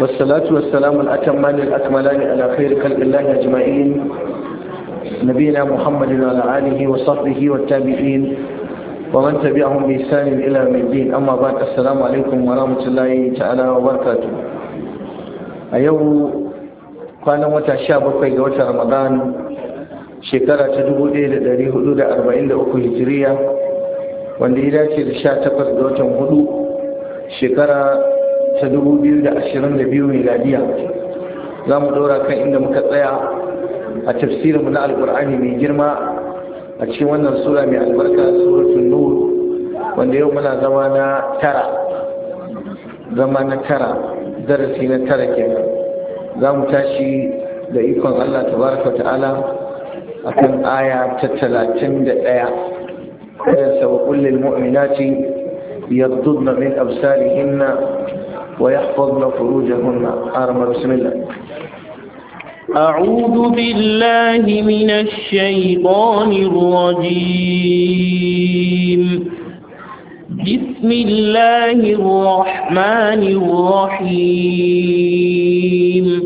wasalatu wasalamu al'akamani al'akamalani alakhir kalbillahi ajma'in nabiyina muhammadin wa al'alihi wa sahbihi wa tabi'in wa man tabi'ahum bi isanin ila min amma ba assalamu alaikum wa rahmatullahi ta'ala wa barakatu a yau kwanan wata sha bakwai ga wata ramadan shekara ta dubu ɗaya da ɗari hudu da arba'in da uku hijiriya wanda ya dace da sha takwas ga watan hudu shekara ta 2022 miladiya za mu ɗora kan inda muka tsaya a tafsirinmu na alƙur'ani mai girma a cikin wannan sura mai albarka suratun nur wanda yau muna zama na tara zama na tara darasi na tara kenan za mu tashi da ikon allah tabaraka ta'ala a kan aya ta talatin da ɗaya kayan sabaƙullin mu'minati yardudna min absarihinna ويحفظن فروجهن حرم بسم الله أعوذ بالله من الشيطان الرجيم بسم الله الرحمن الرحيم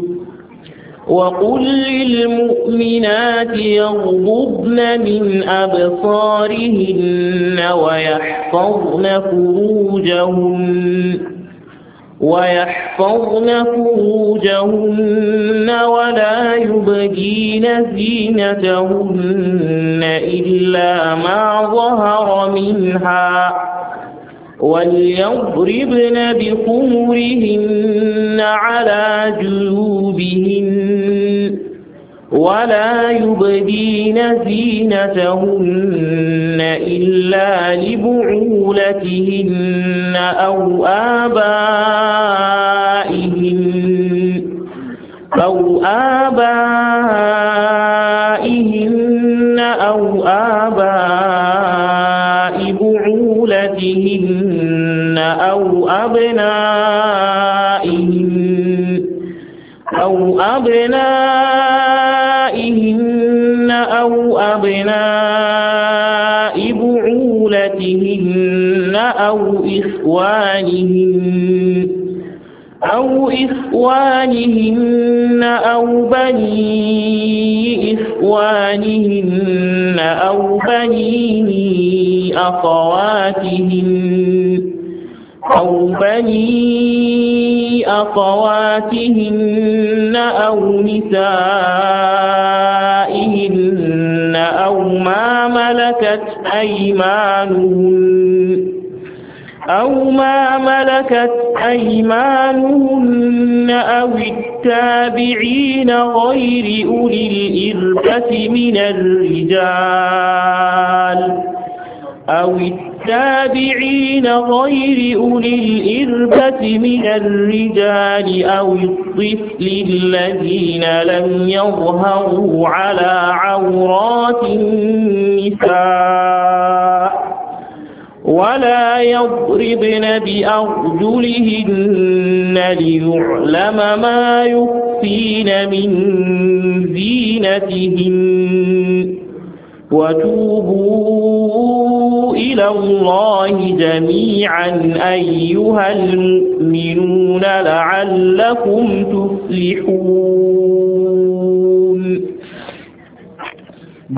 وقل للمؤمنات يغضبن من أبصارهن ويحفظن فروجهن ويحفظن فروجهن ولا يبدين زينتهن إلا ما ظهر منها وليضربن بخمرهن على جيوبهن ولا يبدين زينتهن إلا لبعولتهن أو آبائهن أو آبائهن إخوانهن أو بني إخوانهن أو بني أخواتهن أو بني أخواتهن أو نسائهن أو ما ملكت أيمانهن أو ما ملكت أيمانهن أو التابعين غير أولي الإربة من الرجال أو التابعين غير أولي الإربة من الرجال أو الطفل الذين لم يظهروا على عورات النساء ولا يضربن بأرجلهن ليعلم ما يخفين من زينتهن وتوبوا إلى الله جميعا أيها المؤمنون لعلكم تفلحون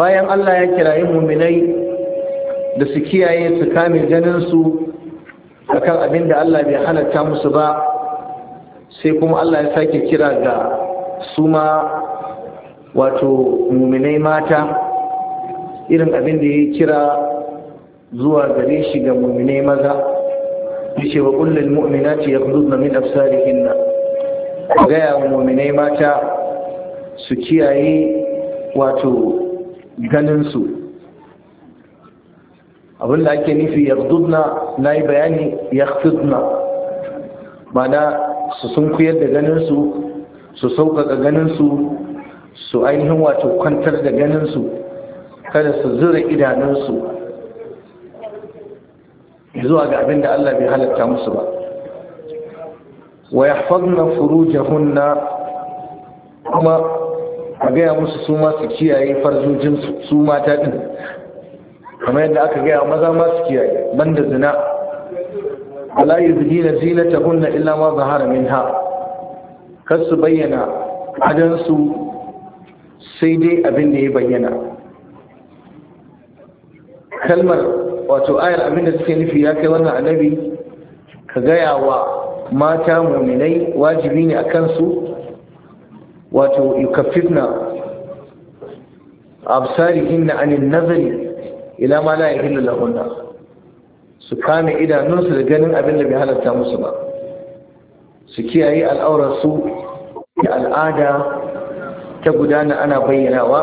bayan الله ya kirayi muminai da su kiyaye su kame ganinsu a kan abin da Allah bai halatta musu ba sai kuma Allah ya sake kira ga su ma wato muminai mata irin abin da ya kira zuwa gare shi ga muminai maza ya ce wa ƙullin ce ya kudu na min afsarihin na gaya muminai mata su kiyaye wato ganinsu abin da ake nufi na yi bayani yaghfidna mana su sunkuyar da ganin su su sauƙaƙa ganin su ainihin wato kwantar da ganinsu, kada su zura idanunsu zuwa ga abin da Allah bai halatta musu ba wa yahfazna furujahunna kuma a gaya musu su ma su kiyaye farjojinsu su mata din kamar yadda aka gaya maza masu kiyaye banda zina ala yubdina zinatahunna illa ma zahara ha. kar su bayyana adansu sai dai abin da ya bayyana kalmar wato ayar abin da suke nufi ya kai wannan annabi ka gaya wa mata muminai wajibi ne a kansu wato yukafifna na anin nazari ila ma la yahillu lahunna su kame idanunsu da ganin abin da bai halatta musu ba su kiyaye al'aurarsu da al'ada ta gudana ana bayyanawa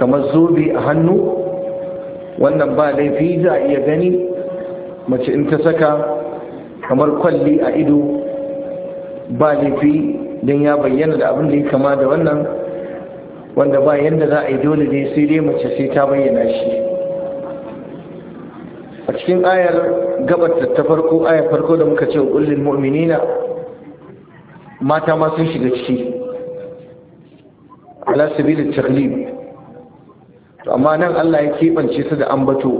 kamar zobe a hannu wannan ba laifi za a iya gani mace in ta saka kamar kwalli a ido ba laifi don ya bayyana da abin da ya kama da wannan wanda ba yadda za a yi dole ne sai dai mace sai ta bayyana shi a cikin ayar gabar ta farko ayar farko da muka ce kullin mu'minina mata ma sun shiga ciki ala sabilit taglib to amma nan Allah ya kebance su da ambato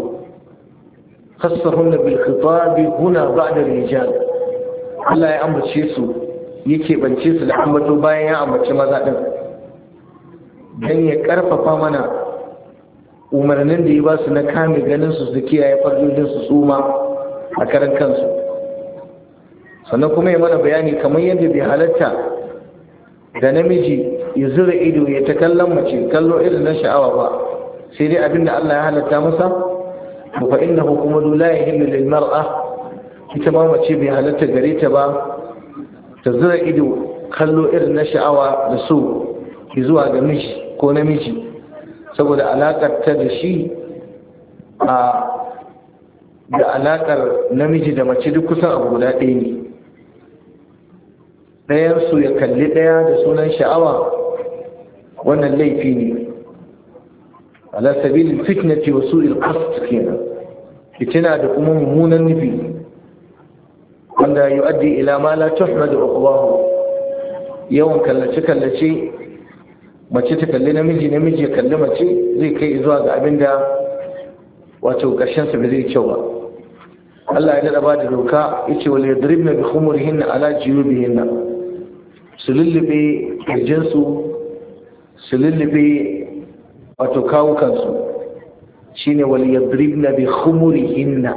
khassahunna bil khitab huna ba'da rijal Allah ya ambace su yake bance su da ambato bayan ya ambace maza din don ya karfafa mana umarnin da ya ba su na kame ganin su su kiyaye farjojin su tsuma a karan kansu sannan kuma ya mana bayani kamar yadda bai halatta da namiji ya zura ido ya ta kallon mace kallo irin na sha'awa ba sai dai abin da Allah ya halatta masa fa innahu kuma la yahillu lil mar'a ita ma mace bai halatta gare ta ba ta zura ido kallo irin na sha'awa da so zuwa ga miji ko namiji saboda alakar ta da shi a da alaƙar namiji da mace duk kusan abu guda ɗaya ne ɗayansu ya kalli ɗaya da sunan sha'awa wannan laifi ne ala sabili fitnati wa su'il qasd kenan fitina da kuma mummunan nufi wanda yu'addi ila ma la tuhmadu uqbahu yawan kallace kallace mace ta kalli namiji namiji ya kalli mace zai kai zuwa ga abin da wato ƙarshensa ba zai kyau ba Allah ya daɗa ba da doka ya ce wale drib na bihumur hinna ala jiyu bihinna su lullube kirjinsu su lullube wato kawukansu shi ne wale ya drib na bihumur hinna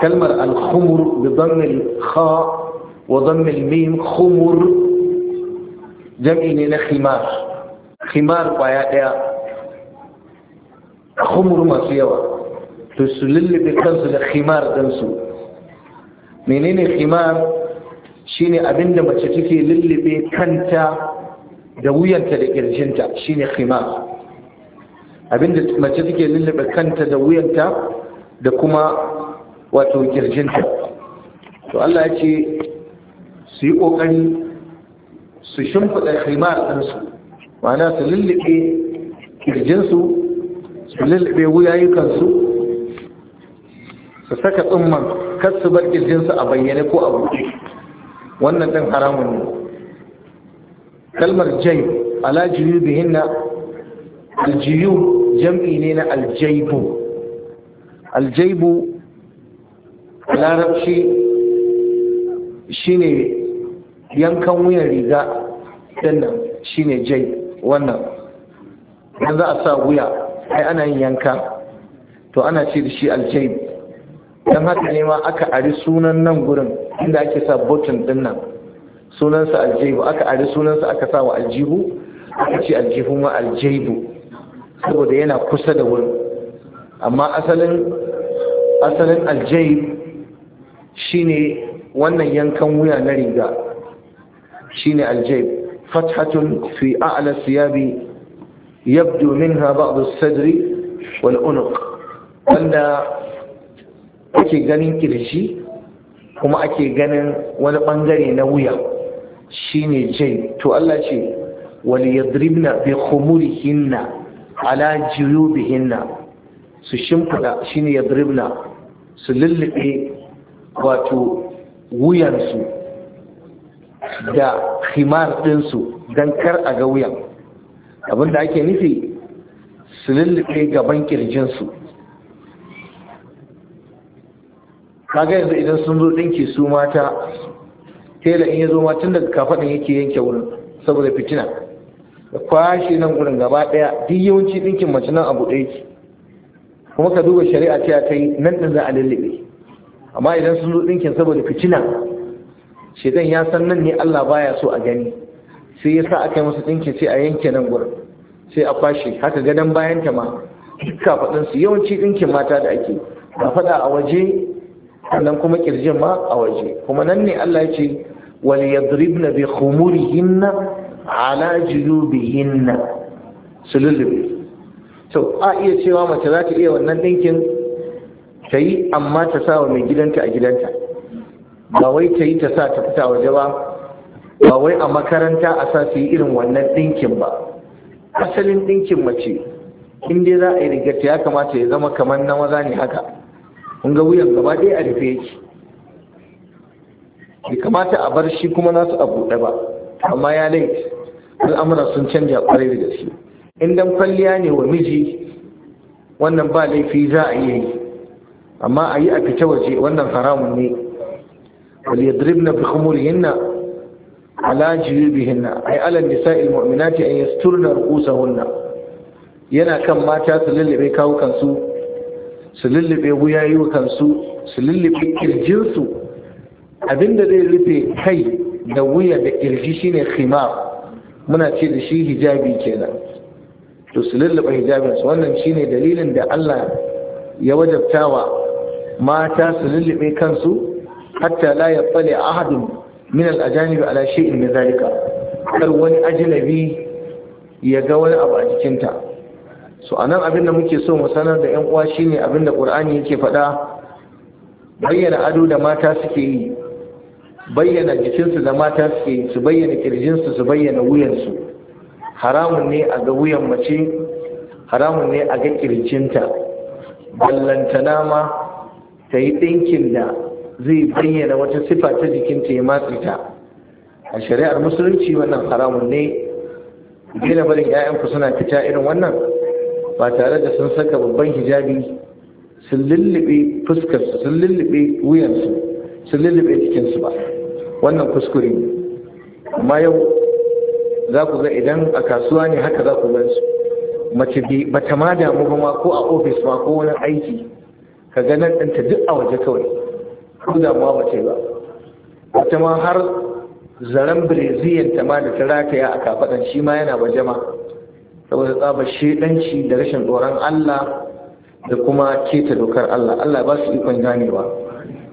kalmar alhumur da zammil kha wa zammil mim humur. jam'i ne na khimar khimar kwaya daya khumur masu yawa to su lullube kansu da khimar ɗansu menene khimar shine abinda mace take lullube kanta da wuyanta da kirjinta shine khimar abinda mace take lullube kanta da wuyanta da kuma wato kirjinta to Allah ya ce su yi kokari su shimfida khimar ɗansu ma'ana su lullube kirjinsu su lullube wuyayukansu su saka tsumman kar su bar kirjinsu a bayyane ko a buɗe wannan ɗin haramun ne kalmar jai alajiyu jiyu na aljiyu jam'i ne na aljaibu aljaibu larabci shine yankan wuyan riga ɗin nan shine jai wannan idan za a sa wuya ai ana yin yanka to ana ce da shi aljaib don haka ne ma aka ari sunan nan gurin inda ake sa botin din nan sunansa aljaibu aka ari sunansa aka sa wa aljihu aka ce aljihu ma aljaibu saboda yana kusa da wurin amma asalin asalin aljaib shine wannan yankan wuya na riga shine aljaib فتحة في أعلى الثياب يبدو منها بعض الصدر والأنق wanda ake ganin ƙirji, kuma ake ganin wani ɓangare na wuya shine jai to Allah ce wal yadribna bi khumurihinna ala juyubihinna su shimfida shine yadribna su lullube wato wuyansu da himar ɗinsu don kar a ga wuyan abinda ake nufi su lullube gaban kirjinsu kaga yanzu idan sun zo ɗinki su mata tela in ya zo ma tun daga kafaɗin yake yanke wurin saboda fitina da kwashe nan wurin gaba ɗaya duk yawanci ɗinkin mace nan abu ɗaya ce kuma ka duba shari'a ta yi nan ɗin za a lullube amma idan sun zo ɗinkin saboda fitina shedan ya san nan ne Allah baya so a gani sai ya sa aka yi masa dinki sai a yanke nan gurin sai a kwashe haka gadon bayan ta ma kafadin su yawanci dinkin mata da ake faɗa a waje sannan kuma kirjin ma a waje kuma nan ne Allah ya ce wal yadribna bi khumurihinna ala julubihinna sululubi to a iya cewa mace za ta iya wannan ɗinkin? ta yi amma ta sa mai gidanta a gidanta ba wai ta yi ta sa ta fita waje ba ba wai a makaranta a sa su yi irin wannan ɗinkin ba asalin ɗinkin mace inda za a yi rigarta ya kamata ya zama kamar na maza ne haka kun ga wuyan gaba ɗaya a rufe yake bai kamata a bar shi kuma nasu a buɗe ba amma ya laifi al'amura sun canja ƙwarai da gaske in dan kwalliya ne wa miji wannan ba laifi za a iya yi amma a yi a fita waje wannan haramun ne وليضربن بخمورهن على جيوبهن أي على النساء المؤمنات أن يسترن رؤوسهن yana kan mata su lullube kawo kansu su lullube wuyayi kansu su lullube kirjinsu abinda zai rufe kai da wuya da kirji shine khimar muna ce da shi hijabi kenan to su lullube hijabinsu wannan shine dalilin da Allah ya wajabtawa mata su lullube kansu hatta la a ahadun min al-ajanib ala shay'in min zalika kar wani ajilabi ya ga wani abu a jikinta so anan abin da muke so mu sanar da yan uwa shine abin da qur'ani yake faɗa bayyana ado da mata suke yi bayyana jikinsu da mata suke yi su bayyana kirjinsu su bayyana wuyansu haramun ne a ga wuyan mace haramun ne a ga kirjinta ballantana nama ta yi ɗinkin da zai bayyana wata sifa ta jikinta ya matsi ta a shari'ar musulunci wannan haramun ne daina barin 'ya'yanku suna fita irin wannan ba tare da sun saka babban hijabi sun lullube fuskarsu sun lullube wuyansu sun lullube jikinsu ba wannan kuskure ne amma yau za ku ga idan a kasuwa ne haka za ku gansu mace ba ma damu ba ma ko a ofis ma ko wani aiki ka ga nan ɗanta duk a waje kawai ko damuwa ba ce ba wata ma har zaren breziyan ta ma da ta rataya a kafaɗan shi ma yana bajama saboda tsabar shedanci da rashin tsoron Allah da kuma keta dokar Allah Allah ba su ikon ganewa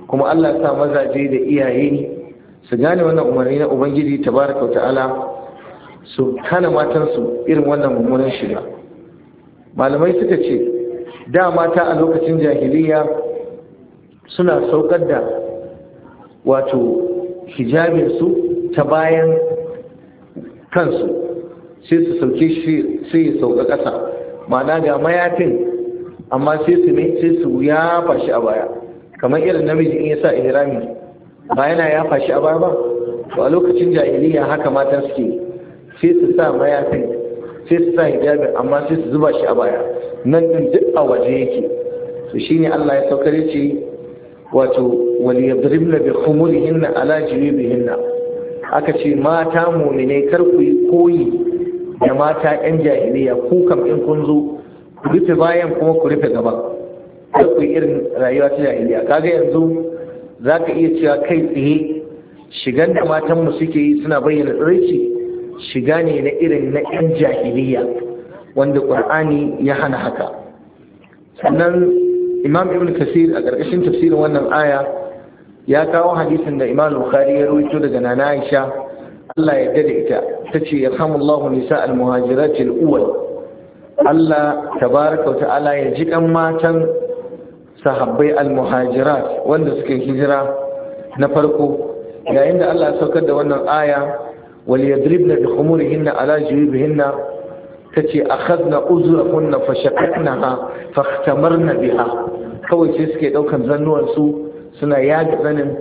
kuma Allah sa mazaje da iyaye su gane wannan umarni na Ubangiji tabaraka wa ta'ala su hana matansu irin wannan mummunan shiga malamai suka ce da mata a lokacin jahiliya suna saukar da wato hijabinsu ta bayan kansu sai su sauke shi sai ya sauka ƙasa ma'ana ga mayafin amma sai su ne sai su yafa shi a baya kamar irin namiji in ya sa ihrami ba yana yafa shi a baya ba to a lokacin jahiliya haka matan suke sai su sa mayafin sai su sa hijabin amma sai su zuba shi a baya nan din duk a waje yake to shine Allah ya saukar ce wato waliyadribna bi hinna ala jibihinna aka ce mata muni kar ku yi koyi da mata yan jahiliya ku kam in kun zo ku rufe bayan kuma ku rufe gaba kar irin rayuwa ta jahiliya kaga yanzu za ka iya cewa kai tsaye shigan da matan mu suke yi suna bayyana tsiraici shiga ne na irin na yan jahiliya wanda ƙur'ani ya hana haka sannan imam ibn kasir a ƙarƙashin tafsirin wannan aya ya kawo hadisin da imam bukhari ya rawaito daga nana aisha Allah ya dade ita tace yarhamullahu nisa al-muhajirat al-awwal Allah tabaraka wa ta'ala ya ji kan matan sahabbai al-muhajirat wanda suke hijira na farko yayin da Allah ya saukar da wannan aya wal yadribna bi khumurihinna ala jubihinna tace akhadna uzrakunna fashaqaqnaha fahtamarna biha kawai sai suke daukan zannuwan su suna yaga zanin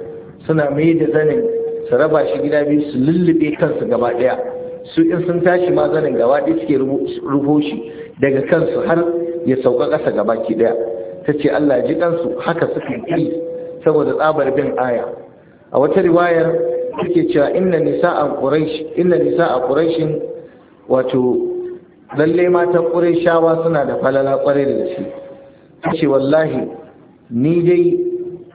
suna mai da zanin su raba shi gida biyu su lullube kansu gaba daya su in sun tashi ma zanin gaba daya suke rufo shi daga kansu har ya sauka kasa gaba ki daya tace Allah ji kansu haka suka yi saboda tsabar bin aya a wata riwayar suke cewa inna nisa'a quraish inna nisa'a quraishin wato lalle matan shawa suna da falala ƙware da shi ce wallahi ni dai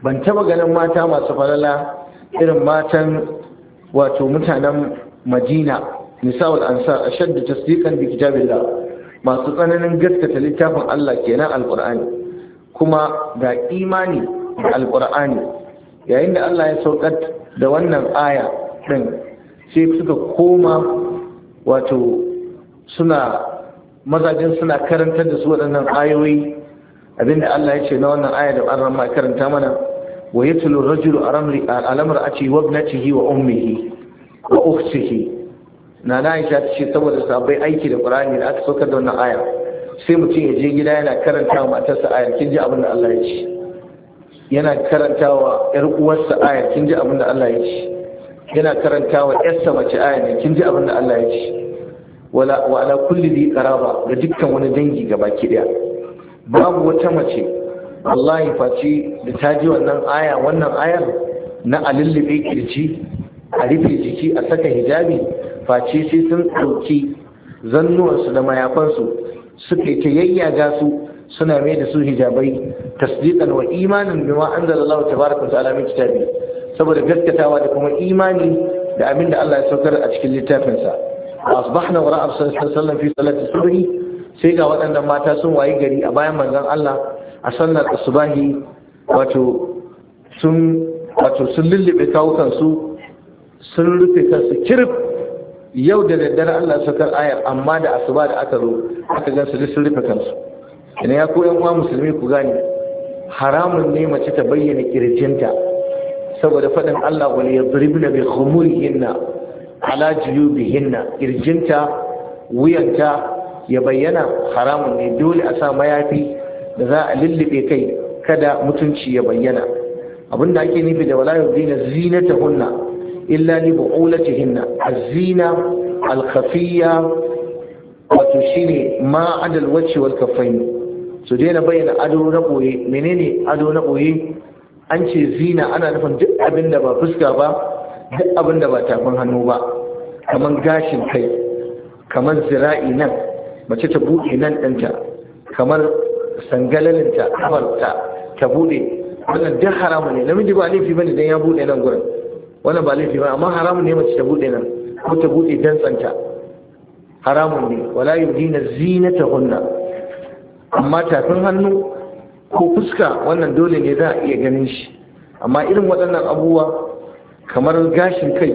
ban taba ganin mata masu falala irin matan wato mutanen madina misawul ansar a tasirikan tasdiqan bi da masu tsananin gaskata littafin Allah kenan Alƙur'ani, kuma ga imani da alqur'ani yayin da Allah ya saukar da wannan aya ɗin, sai suka koma wato suna mazajen suna karantar da su waɗannan ayoyi abinda Allah ya ce na wannan aya da an ma karanta mana wa yatlu rajulu alamar ati wa ibnatihi wa ummihi wa ukhtihi na na ya ce saboda sabai aiki da Qur'ani da aka saukar da wannan aya sai mutum ya je gida yana karanta wa matarsa aya, kin ji abin da Allah ya ce yana karanta wa ƴar uwarsa aya kin ji abin da Allah ya ce yana karanta wa ƴarsa mace ayar kin ji abin da Allah ya ce wala wa ala kulli dhi qaraba ga dukkan wani dangi baki daya babu wata mace wallahi face da ta ji wannan aya wannan ayar na alillibe kirji a rufe jiki a saka hijabi face sai sun ɗauki zannuwarsu da mayafansu suka yi ta yayyaga su suna mai da su hijabai tasdiqan wa imanin bima anzalallahu tabaraka wa ta'ala min kitabi saboda gaskatawa da kuma imani da abin da Allah ya saukar a cikin littafinsa asbahna wa ra'a sallallahu fi salati subhi sai ga waɗannan mata sun wayi gari a bayan manzon Allah a sallar asubahi wato sun wato sun lullube kawukan su sun rufe kansu kirf yau da daddare Allah saukar ayar amma da asuba da aka zo aka gansu duk sun rufe kansu ina ya koyan uwa musulmi ku gane haramun ne mace ta bayyana kirjinta saboda faɗin Allah na yadribna bi khumurihinna ala juyubihinna irjinta wuyanta ya bayyana haramun ne dole a sa mayafi da za a lullube kai kada mutunci ya bayyana abinda ake nufi da wala yubdina zinatahunna illa li bu'ulatihinna az-zina wato shine ma adal wacce wal su daina bayyana ado na koye menene ado na boye an ce zina ana nufin duk abin da ba fuska ba duk abin da ba tafin hannu ba kamar gashin kai kamar zira'i nan mace ta buɗe nan ɗinta kamar sangalalinta kafarta ta buɗe wannan duk haramu ne namiji ba laifi bane dan ya buɗe nan gurin wannan ba laifi ba amma haramun ne mace ta buɗe nan ko ta buɗe dantsanta haramun ne wala yudina hunna amma tafin hannu ko fuska wannan dole ne za a iya ganin shi amma irin waɗannan abubuwa kamar gashin kai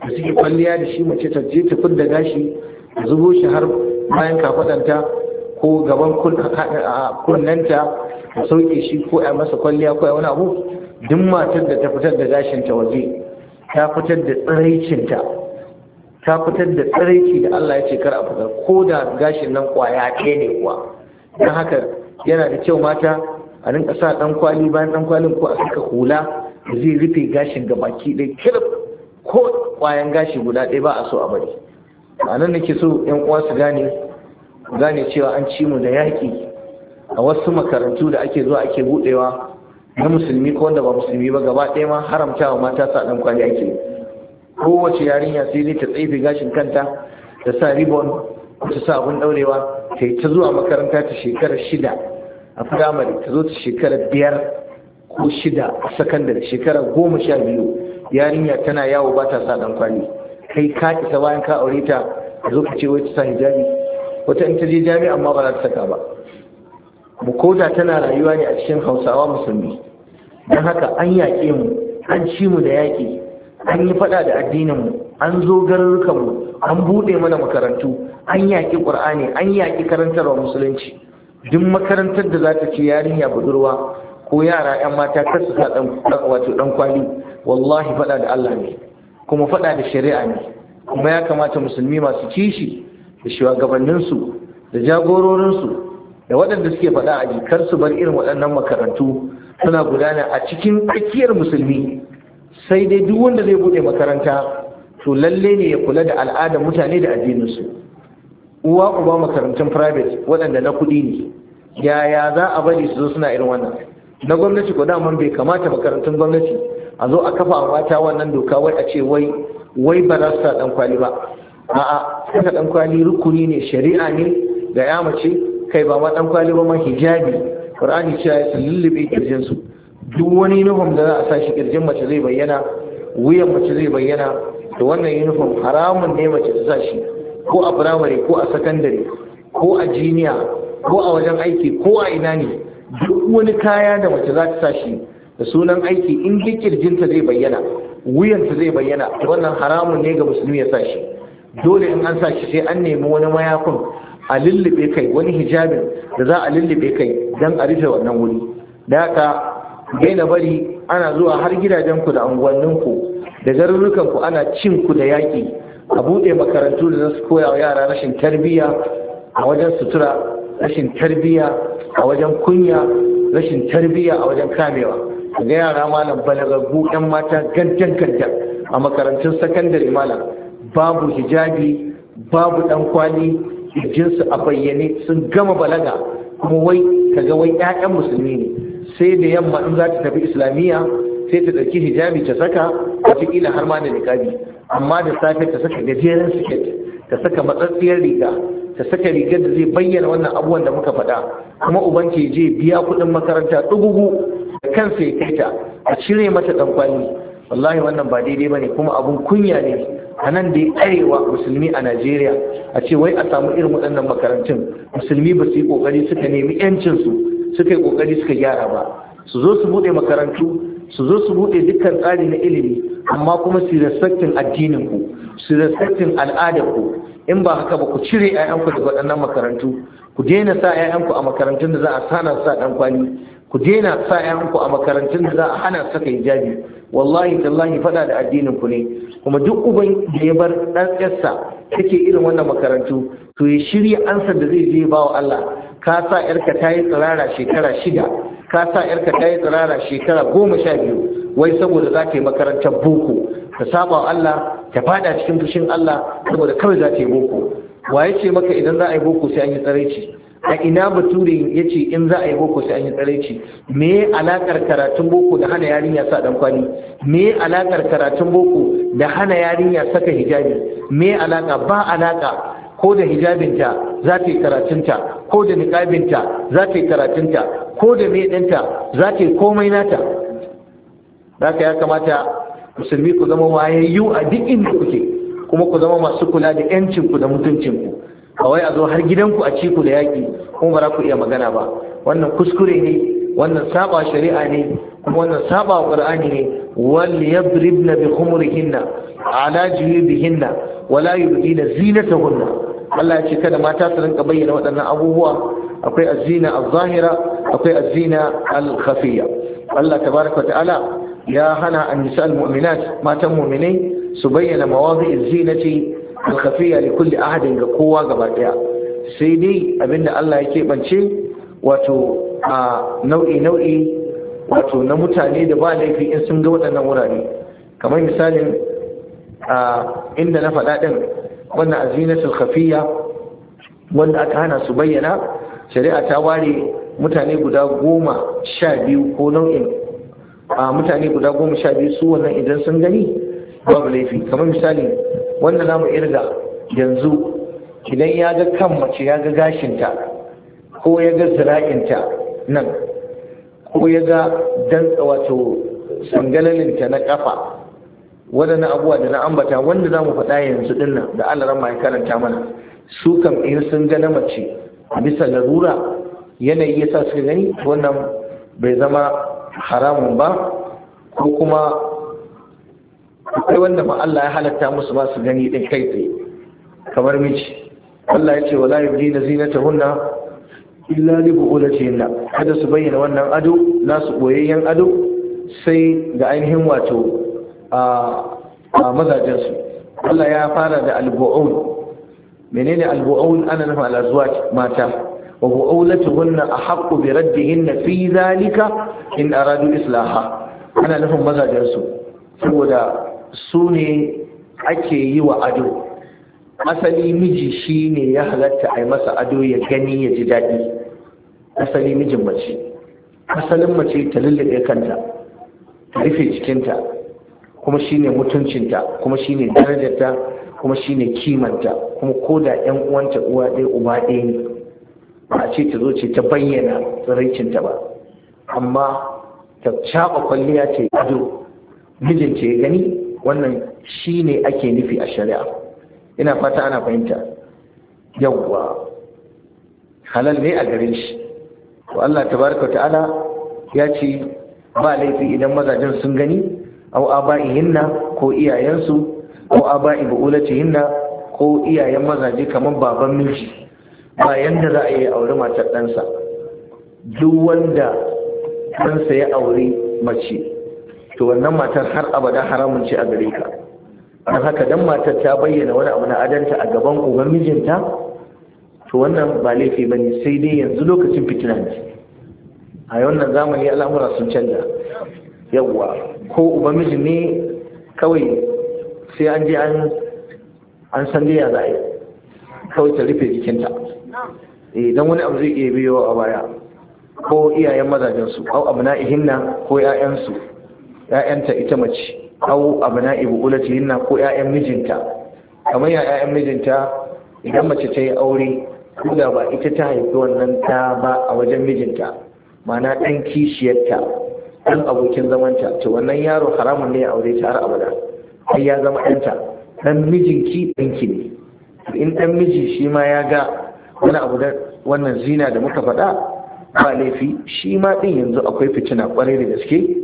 da suke kwalliya da shi mace ta je ta da gashi zubo shi har bayan kafadanta ko gaban kunnanta a sauke shi ko a masa kwalliya ko a wani abu duk matar da ta fitar da gashinta waje ta fitar da tsiraicinta ta fitar da tsiraici da Allah ya ce kar a fitar ko da gashin nan kwaya ke ne kuwa don haka yana da kyau mata a ninka sa ɗan kwali bayan ɗan kwalin ko a saka hula zai rufe gashin ga baki ɗaya kirif ko ƙwayan gashi guda ɗaya ba a so a bari a nan nake so yan uwa su gane gane cewa an ci mu da yaƙi a wasu makarantu da ake zuwa ake buɗewa na musulmi ko wanda ba musulmi ba gaba ɗaya ma haramta wa mata sa ɗan kwali ake kowace yarinya sai ne ta tsaife gashin kanta ta sa ribon ta sa abin ɗaurewa ta yi ta zuwa makaranta ta shekara shida a firamare ta zo ta shekara biyar ko shida a sakandare shekara goma sha biyu yarinya tana yawo ba ta sa dan kwali kai ka isa bayan ka aure ta zo ka ce wai ta sa hijabi wata in ta je jami'a amma ba za ta saka ba bukoda tana rayuwa ne a cikin hausawa musulmi don haka an yaƙe mu an ci mu da yaƙi an yi faɗa da addinin mu, an zo mu an buɗe mana makarantu an yaƙi ƙur'ani an yaƙi karantarwa musulunci duk makarantar da za ta ce yarinya budurwa ko yara yan mata kar su sa dan wato dan kwali wallahi faɗa da Allah ne kuma faɗa da shari'a ne kuma ya kamata musulmi masu kishi da shugabanninsu da jagororinsu da waɗanda suke faɗa a jikar su bar irin waɗannan makarantu suna gudana a cikin tsakiyar musulmi sai dai duk wanda zai buɗe makaranta to lalle ne ya kula da al'ada mutane da addininsu uwa uba makarantun private waɗanda na kuɗi ne yaya za a bari su zo suna irin wannan na gwamnati ko daman bai kamata makarantun gwamnati a zo a kafa mata wannan doka wai a ce wai wai ba za su sa dan kwali ba a'a saka dan kwali rukuni ne shari'a ne ga ya mace kai ba ma dan kwali ba ma hijabi qur'ani ce ya lullube kirjin su duk wani uniform da za a sashi kirjin mace zai bayyana wuyan mace zai bayyana da wannan uniform haramun ne mace ta sashi ko a firamare ko a sakandare ko a jiniya ko a wajen aiki ko a ina ne duk wani kaya da mace za ta tashi da sunan aiki in ji kirjinta zai bayyana wuyanta zai bayyana wannan haramun ne ga musulmi ya sashi dole in an sashi sai an nemi wani mayakun a lullube kai wani hijabin da za a lullube kai don a rufe wannan wuri da haka na bari ana zuwa har gidajenku da unguwanninku da ku ana cin ku da yaƙi a buɗe makarantu da za su koya wa yara rashin tarbiyya a wajen sutura rashin tarbiyya a wajen kunya rashin tarbiyya a wajen kamewa ga yara malam balagaggu yan mata gantan ganjan a makarantun sakandare malam babu hijabi babu dan kwali jinsu a bayyane sun gama balaga kuma wai kaga wai ƴaƴan musulmi ne sai da yamma in za ta tafi islamiyya sai ta ɗauki hijabi ta saka wataƙila har ma da niƙabi amma da safe ta saka gajeren siket ta saka matsatsiyar riga Da saka rigar da zai bayyana wannan abubuwan da muka faɗa kuma uban je biya kuɗin makaranta ɗugugu da kansa ya kai a cire mata kwali wallahi wannan ba daidai ba ne kuma abun kunya ne a nan da ya arewa musulmi a najeriya a ce wai a samu irin waɗannan makarantun musulmi ba su yi ƙoƙari suka nemi 'yancinsu suka yi ƙoƙari suka gyara ba su zo su buɗe makarantu su zo su buɗe dukkan tsari na ilimi amma kuma su respectin addinin ku su respectin al'adar ku in ba haka ba ku cire 'ya'yanku da waɗannan makarantu ku daina sa 'ya'yanku a makarantun da za a sana sa ɗan kwali ku daina sa 'ya'yanku a makarantun da za a hana saka hijabi wallahi tallahi faɗa da addinin ku ne kuma duk uban da ya bar ɗan yarsa take irin wannan makarantu to ya shirya ansa da zai je bawa Allah ka sa yarka ta yi tsirara shekara shida ka sa yarka ta yi tsirara shekara goma sha biyu wai saboda za ka yi makarantar boko ta saba Allah ka fada cikin fushin Allah saboda kawai za ta yi boko wa ya ce maka idan za a yi boko sai an yi tsaraici a ina bature ya ce in za a yi boko sai an yi tsaraici me alakar karatun boko da hana yarinya sa dan kwani me alakar karatun boko da hana yarinya saka hijabi me alaka ba alaka ko da hijabinta za ta yi karatunta ko da niƙabinta za ta yi karatunta ko da me ɗinta za ta yi komai nata Zaka ya kamata musulmi ku zama wayayyu a duk inda kuke kuma ku zama masu kula da yancin ku da mutuncin ku ba wai a zo har gidanku a ci ku da yaki kuma ba za ku iya magana ba wannan kuskure ne wannan saba shari'a ne kuma wannan saba qur'ani ne wal yadribna bi khumurihinna ala juyubihinna wala yubdina zinatahunna Allah ya ce kada mata su rinka bayyana waɗannan abubuwa akwai azina az-zahira akwai azina al-khafiyya Allah tabaraka ta'ala ya hana an nisa al matan mu'minai su bayyana mawazi'iz zinati al da li kulli ahadin ga kowa gaba daya sai dai abinda Allah ya keɓance wato a nau'i nau'i wato na mutane da ba laifi in sun ga waɗannan wurare kamar misalin a inda na faɗa ɗin wannan azinatul khafiyya wanda aka hana su bayyana shari'a ta ware mutane guda goma sha biyu ko nau'in a mutane guda goma sha biyu su wannan idan sun gani babu laifi kamar misali wanda namu irga yanzu idan ya ga kan mace ya ga gashinta ko ya ga zira'inta nan ko ya ga dantsa wato sangalalinta na kafa waɗannan abubuwa da na ambata wanda za mu faɗa yanzu ɗin nan da Allah rama ya karanta mana su kam in sun ga na mace bisa larura yanayi ya sa suka gani wannan bai zama haramun ba ko kuma akwai wanda ma Allah ya halatta musu ba su gani din kai tsaye kamar miji Allah ya ce zina yubdina hunna illa li kada su bayyana wannan ado nasu boyayyen ado sai ga ainihin wato a mazajensu. Allah ya fara da albu'un menene albu'un ana nufin al mata a fi zalika in a radu islaha ana إصلاحا أنا Su su ne ake yi wa ado. asali miji shine ya halatta a yi masa ado ya gani ya ji daɗi asali mijin mace asalin mace ta lullube kanta ta rufe jikinta kuma shi mutuncinta kuma shi ne darajarta kuma shi kimanta kuma ko da 'yan uwanta uwa ɗaya uba ɗaya ne ba ce ta zo ce ta bayyana ta ba amma ta caba kwalliya ce ado mijinta ya gani wannan shi ne ake nufi a shari'a ina fata ana fahimta yawwa halal ne a gare shi to Allah tabaraka ta'ala ya ce ba laifi idan mazajen sun gani au aba'ihinna ko iyayensu ko aba'i bu'ulatihinna ko iyayen mazaje kamar baban miji ba yadda za a yi aure matar ɗansa duk wanda ɗansa ya aure mace to wannan matar har abada haramun ce a gare ka don haka dan matar ta bayyana wani abu na adanta a gaban uban mijinta to wannan ba laifi ne sai dai yanzu lokacin fitina ne a wannan zamani al'amura sun canza yawwa ko uban miji ne kawai sai an je an an san dai ya za a yi kawai ta rufe jikinta idan eh, wani abu zai iya biyo a baya ko iyayen mazajensu au ihinna ko 'ya'yansu 'ya'yanta ita mace au abna'i hinna ko 'ya'yan mijinta kamar ya 'ya'yan mijinta idan mace ta yi aure ko ba ita ta haifi wannan ta ba a wajen mijinta mana ɗan kishiyarta ɗan abokin zamanta to wannan yaro haramun ne ya aure ta har abada ai ya zama ɗanta ɗan mijinki ɗanki ne in ɗan miji shi ma ya ga wani abu da wannan zina da muka faɗa ba laifi shi ma ɗin yanzu akwai fitina ƙwarai da gaske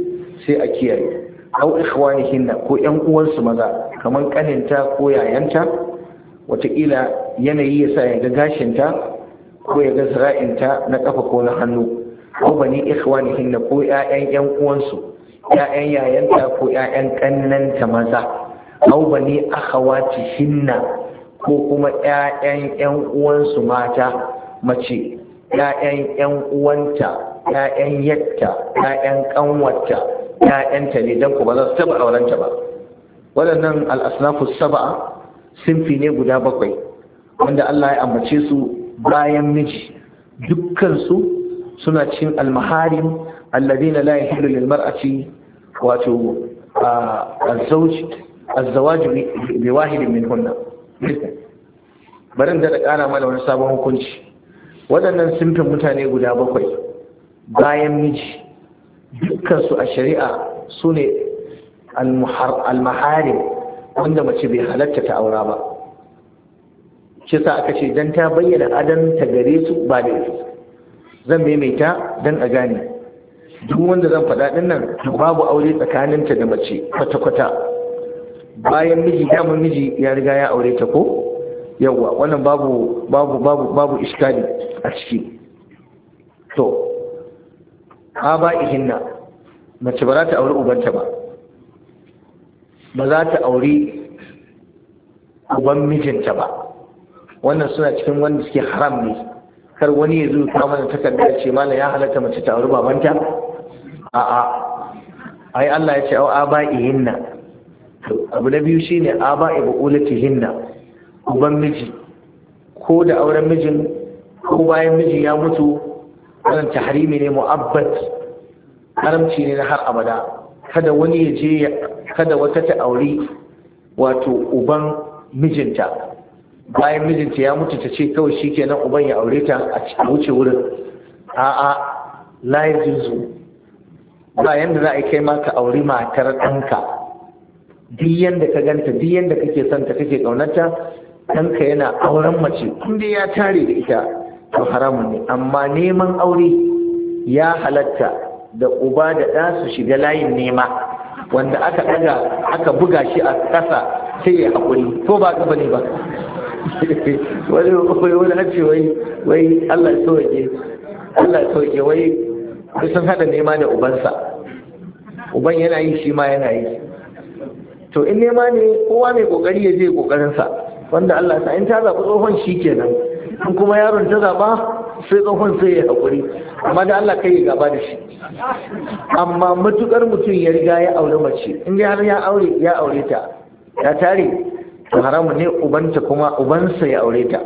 sai a kiyaye au hinna ko ƴan uwansu maza kamar ƙaninta ko yayanta wataƙila yanayi ya sa ya ga gashinta ko ya ga zira'inta na ƙafa ko na hannu ko bani hinna ko ƴaƴan ƴan uwansu ƴaƴan yayanta ko ƴaƴan ƙannanta maza au bani hinna. ko kuma 'ya'yan 'yan uwansu mata mace 'ya'yan 'yan uwanta 'ya'yan yatta 'ya'yan ƙanwarta 'ya'yanta ne don ku ba za su aurenta ba waɗannan al'asnafu saba'a sinfi ne guda bakwai wanda Allah ya ambace su bayan miji dukkansu suna cin almahari alladina la yahillu lil mar'ati wato azzawj azzawaj bi wahidin minhunna barin da kara mana wani sabon hukunci waɗannan simfin mutane guda bakwai bayan miji dukkansu a shari'a su ne almaharin wanda mace bai halatta ta aura ba shi sa aka ce don ta bayyana adan ta gare su ba da zan maimaita don a gane duk wanda zan faɗa ɗin nan babu aure tsakaninta da mace kwata-kwata bayan miji damar miji ya riga ya aure ta ko yawa wannan babu babu babu babu iskali a ciki to ba ihinna mace ba za ta auri ubanta ba ba za ta auri uban mijinta ba wannan suna cikin wanda suke haram ne kar wani ya zo ta takarda takardar ce mala ya halatta mace ta auri babanta a a ai Allah ya ce a ba ihinna abu na biyu shine a aba hinna. uban miji ko da auren mijin ko bayan miji ya mutu wannan tahrimi ne mu'abbat haramci ne na har abada kada wani ya je kada wata ta auri wato uban mijinta bayan mijinta ya mutu ta ce kawai shi nan uban ya aure ta a wuce wurin a'a la yajuzu ba yanda za a kai ma ka auri matar ɗanka duk yanda ka ganta duk yanda kake son ta kake ƙaunarta ɗanka yana auren mace kundi ya tare da ita to haramun ne amma neman aure ya halatta da uba da ɗa su shiga layin nema wanda aka ɗaga aka buga shi a ƙasa sai ya haƙuri ko ba ka bane ba wani wani hajji wai wai Allah ya sauke Allah ya sauke wai sun hada nema da ubansa uban yana yi shi ma yana yi to in nema ne kowa mai kokari ya je kokarinsa wanda Allah ta in ta zaɓi tsohon shi kenan in kuma yaron ta zaɓa sai tsohon sai ya haƙuri amma da Allah kai ya gaba da shi amma matukar mutum ya riga ya aure mace in ya ya aure ya aure ta ya tare to haramu ne ubanta kuma ubansa ya aure ta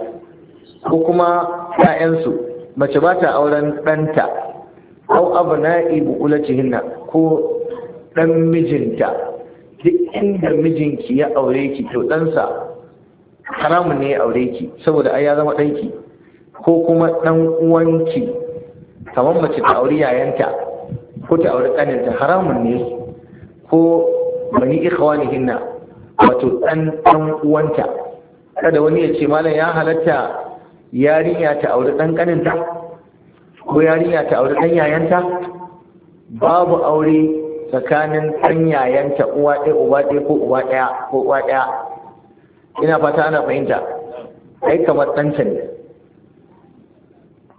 ko kuma ƴaƴansu mace ba ta auren ɗanta au abna'i bu'ulatihinna ko ɗan mijinta duk inda mijinki ya aure ki to ɗansa haramun ne ya aure ki saboda ai ya zama ɗanki ko kuma ɗan uwanki kamar mace ta auri yayanta ko ta auri ƙaninta haramun ne ko bani hinna wato ɗan ɗan uwanta kada wani ya ce malam ya halatta yarinya ta auri ɗan ƙaninta ko yarinya ta auri ɗan yayanta babu aure tsakanin ɗan yayanta uwa ɗaya uba ɗaya ko uba ɗaya ko uwa ɗaya ina fata ana fahimta ai kamar ɗanta ne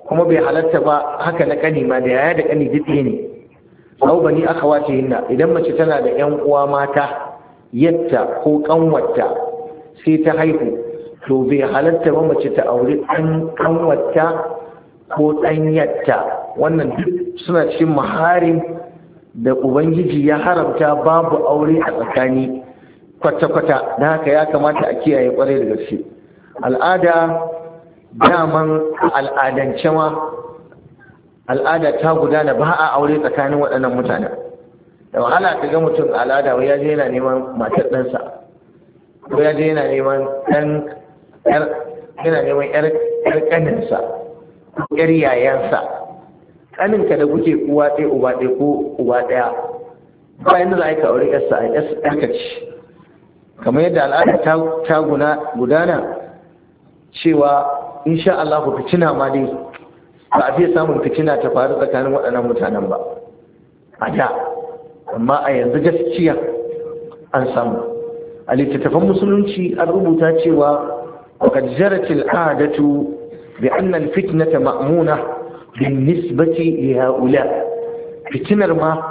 kuma bai halarta ba haka na ƙani ma da yaya da ƙani jiɗi ne au bani aka wace hinna idan mace tana da ƴan uwa mata yatta ko ƙanwata sai ta haihu to bai halarta ba mace ta auri ɗan ƙanwata ko ɗan yatta wannan duk suna cikin maharin da ubangiji ya haramta babu aure a tsakani kwata-kwata da haka ya kamata a kiyaye kwarai da gaske al'ada daman al'adance ma al'ada ta gudana ba a aure tsakanin waɗannan mutane da wahala ta ga mutum al'ada wai ya je yana neman matar ɗansa ko ya je yana neman ɗan yana neman ƴar ƙaninsa ƴar yayansa ƙaninka da kuke uwa ɗaya uba ɗaya ko uba ɗaya ba da za a yi ka aure ƴarsa ƴarka ce kamar yadda al'ada ta gudana cewa insha Allah fitina ma dai ba a fiye samun fitina ta faru tsakanin waɗannan mutanen ba a da amma a yanzu gaskiya an samu a littattafan musulunci an rubuta cewa وقد جرت العادة بأن الفتنة مأمونة بالنسبة لهؤلاء فتنة ما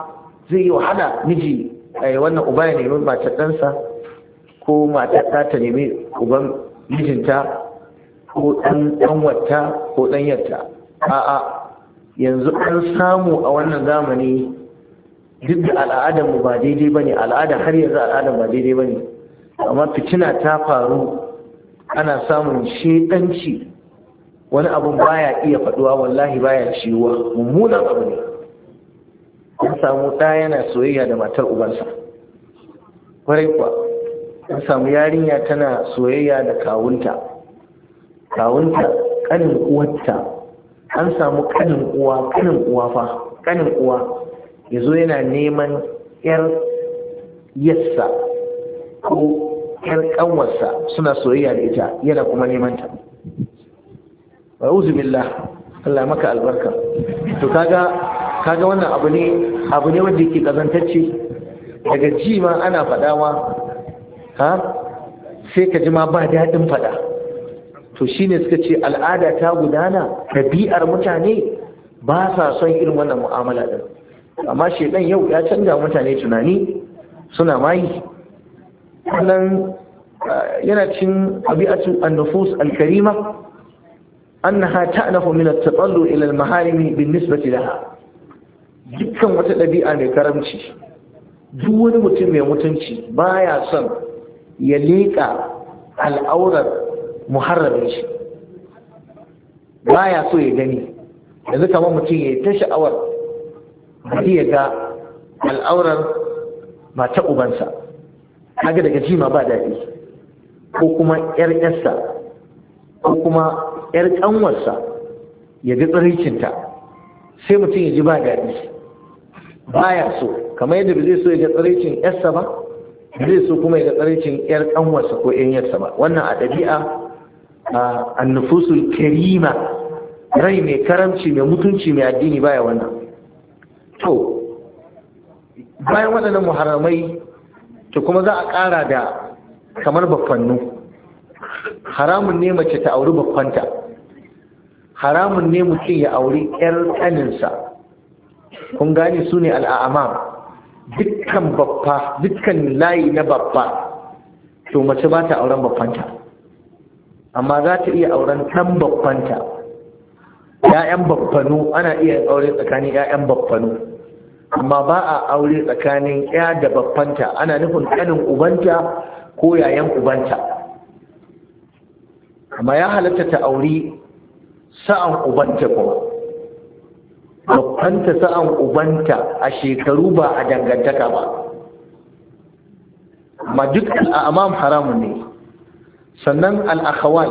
زي وحلا نجي أي وانا أباني من ما تتنسى ko mata ta nemi uban mijinta ko ɗan ɗanwata ko ɗanyarta a'a yanzu an samu a wannan zamani duk da al'adar mu ba daidai ba ne al'ada har yanzu al'adar ba daidai ba ne amma fitina ta faru ana samun shedanci wani abun baya iya faduwa wallahi baya ciwuwa mummunan abu ne ya samu ɗaya yana soyayya da matar ubansa kwarai kuwa ya samu yarinya tana soyayya da kawunta kawunta kanin uwarta an samu kanin uwa kanin uwa fa kanin uwa ya zo yana neman yar yassa ko yar kanwarsa suna soyayya da ita yana kuma neman ta ba'uzu Allah maka albarka to kaga kaga wannan abu ne abu ne wanda yake kazantacce daga ji ana fadawa ha sai ka ji ma ba daɗin faɗa to shi ne suka ce al'ada ta gudana ɗabi'ar mutane ba sa son irin wannan mu'amala ɗin amma shekan yau ya canza mutane tunani suna mayi wannan yana cin abi'atu an-nufus al-karima annaha ta'nafu min at-tatallu ila al-maharimi bin-nisbati laha dukkan wata ɗabi'a mai karamci duk wani mutum mai mutunci baya son ya leƙa al'aurar muharramin shi ba ya so ya gani yanzu kamar mutum ya yi ta sha'awar bari ya ga al'aurar mata ubansa haga daga jima ba daɗi ko kuma ƴar ƴarsa ko kuma ƴar ƙanwarsa ya ji tsarikinta sai mutum ya ji ba daɗi ba ya so kamar yadda ba zai so ya ga tsarikin ƴarsa ba zai so kuma ya tsaraicin yar kanwarsa ko yan yarsa ba wannan a dabi'a a nufusul karima rai mai karamci mai mutunci mai addini baya wannan to bayan waɗannan muharramai to kuma za a ƙara da kamar bafannu haramun ne mace ta auri bafanta haramun ne mutum ya auri yar kaninsa kun gane su ne al'amam dukkan babba dukkan layi na babba to mace ba ta auren babbanta amma za ta iya auren ɗan babbanta ‘ya'yan babbanu ana iya aure tsakanin ‘ya'yan babbanu amma ba a aure tsakanin ‘ya da babbanta ana nufin kanin ubanta ko yayan ubanta amma ya halatta ta auri sa'an ubanta kuma babbanta sa'an ubanta a shekaru ba a dangantaka ba ma duk al'amam haramun ne sannan al'akawai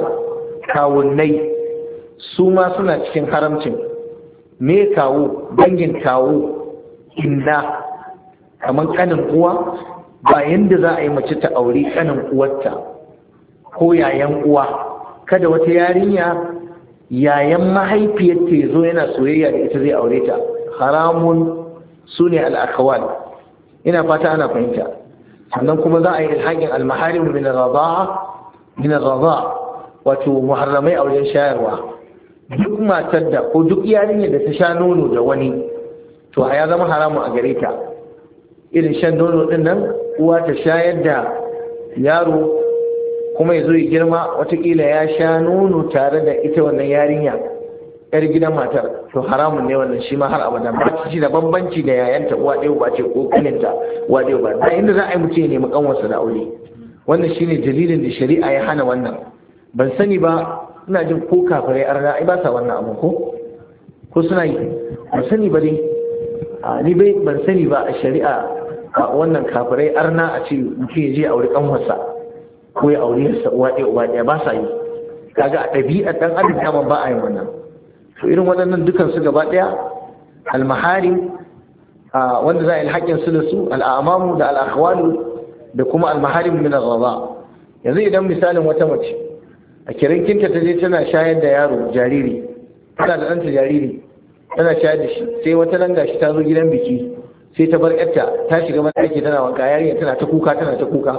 kawunnai su ma suna cikin haramcin me kawo dangin kawo inda kamar kanin uwa bayan da za a yi mace ta auri kanin uwarta ko yayan uwa kada wata yarinya yayan mahaifiyar ta zo yana soyayya da ita zai aure ta haramun su ne al'akawal ina fata ana fahimta sannan kuma za a yi ilhaƙin almaharin min raza wato muharramai auren shayarwa duk matar da ko duk yarinyar da ta sha nono da wani to ya zama haramun a gare ta irin shan nono din nan uwa ta shayar da yaro kuma ya zo ya girma watakila ya sha nono tare da ita wannan yarinya yar gidan matar to haramun ne wannan shi ma har abada ba ci da bambanci da yayanta uwa ɗaya ba ce ko kaninta uwa ɗaya ba da inda za a yi mutum ya nemi kanwarsa da aure wannan shine dalilin da shari'a ya hana wannan ban sani ba ina jin ko kafirai rana "Ai, ba sa wannan abu ko ko suna yi ban sani ba dai ni bai ban sani ba a shari'a wannan kafirai arna a ce mutum ya je aure kanwarsa ko ya aure sa uwa ɗaya uba ɗaya ba sa yi kaga a ɗabi'ar ɗan adam daman ba a yin wannan to irin waɗannan dukan su gaba ɗaya almahari wanda za a yi alhakin su da su al'amamu da al'akhwalu da kuma almaharin min arraba yanzu idan misalin wata mace a kirinkinta ta je tana shayar da yaro jariri tana da ɗanta jariri tana shayar da shi sai wata nan gashi ta zo gidan biki sai ta bar yarta ta shiga mana ake tana wanka yarinya tana ta kuka tana ta kuka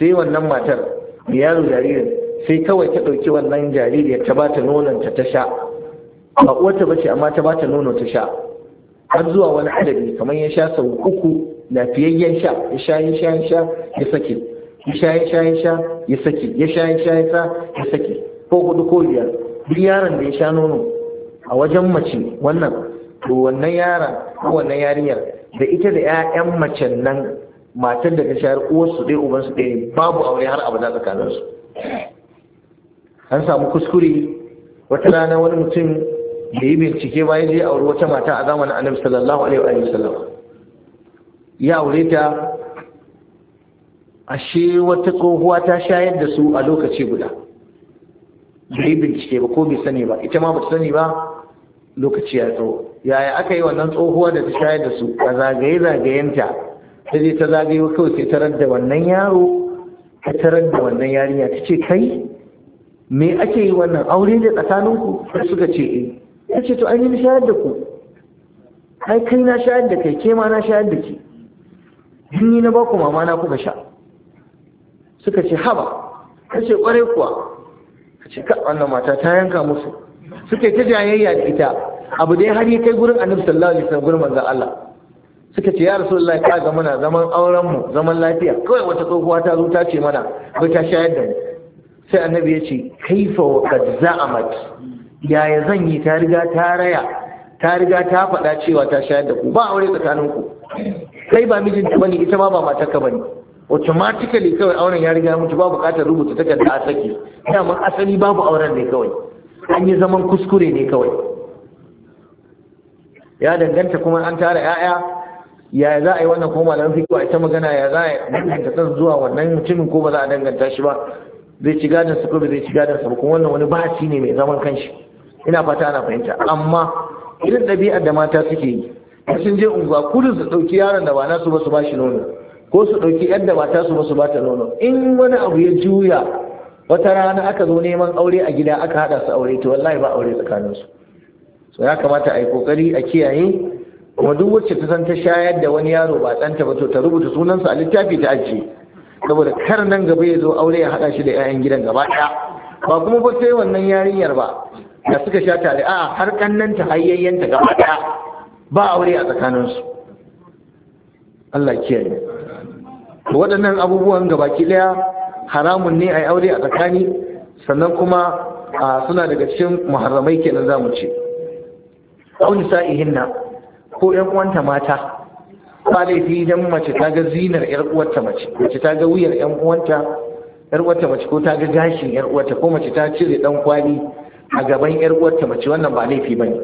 sai wannan matar da yaro jaririn sai kawai ta ɗauki wannan jaririyar ta ba ta nononta ta sha ba uwarta ba ce amma ta ba ta nono ta sha har zuwa wani adadi kamar ya sha sau uku lafiyayyen sha ya sha ya sha ya sha ya sake ya sha ya sha ya sha ya sake ya sha ya sha ya sha ya sake ko hudu ko biyar duk yaron da ya sha nono a wajen mace wannan to wannan yaron ko wannan yarinyar da ita da 'ya'yan macen nan matar da ta shayar uwarsu ɗaya ubansu ɗaya babu aure har abada tsakaninsu an samu kuskure wata rana wani mutum da yi bincike ba ya je aure wata mata a zamanin annabi sallallahu alaihi wa sallam ya aure ta ashe wata tsohuwa ta shayar da su a lokaci guda Bai yi bincike ba ko bai sani ba ita ma ba ta sani ba lokaci ya tsawo yaya aka yi wannan tsohuwa da ta shayar da su a zagaye-zagayenta sai je ta zagayo kawai sai tarar da wannan yaro ta tarar da wannan yarinya ta ce kai me ake yi wannan aure da tsakaninku suka ce eh ta ce to an yi shayar da ku ai kai na shayar da kai ke ma na shayar da ke ni na baku mama na kuka sha suka ce haba ta ce kwarai kuwa ta ce ka wannan mata ta yanka musu suka yi ta jayayya da ita abu dai har yi kai gurin annabi sallallahu alaihi wasallam gurin manzon Allah suka ce ya rasulullahi ka ga muna zaman aurenmu zaman lafiya kawai wata tsohuwa ta zo ta ce mana bai ta shayar da mu sai annabi ya ce kaifa wa qad za'amat yaya zan yi ta riga ta raya ta riga ta faɗa cewa ta shayar da ku ba aure tsakanin ku kai ba mijinta bane ita ma ba matarka bane automatically kawai auren ya riga mutu ba buƙatar rubuta takarda a saki dama asali babu auren ne kawai an yi zaman kuskure ne kawai ya danganta kuma an tara 'ya'ya ya za a yi wannan ko malamin fiqh a ita magana ya za a danganta san zuwa wannan mutumin ko ba za a danganta shi ba zai ci gadon su ko zai ci gadon su kuma wannan wani baci ne mai zaman kanshi ina fata ana fahimta amma irin ɗabi'ar da mata suke yi sun je unguwa kudu su ɗauki yaron da ba nasu ba su ba shi nono ko su ɗauki yan ba mata su ba su ba nono in wani abu ya juya wata rana aka zo neman aure a gida aka haɗa su aure to wallahi ba aure tsakaninsu so ya kamata a yi ƙoƙari a kiyaye kuma duk wacce ta san ta shayar da wani yaro ba ɗanta ba to ta rubuta sunansa a littafi ta ajiye saboda kar nan gaba ya zo aure ya haɗa shi da 'ya'yan gidan gaba ɗaya ba kuma ba sai wannan yarinyar ba da suka sha tare a har kannanta ta gaba ɗaya ba aure a tsakaninsu Allah kiyaye waɗannan abubuwan ki ɗaya haramun ne a aure a tsakani sannan kuma suna daga cikin muharramai kenan za mu ce auni sa'ihinna ko yan uwanta mata ba laifi idan mace ta ga zinar yar uwarta mace mace ta ga wuyar yan uwanta yar uwarta mace ko ta ga gashin yar uwarta ko mace ta cire dan kwali a gaban yar uwarta mace wannan ba laifi bane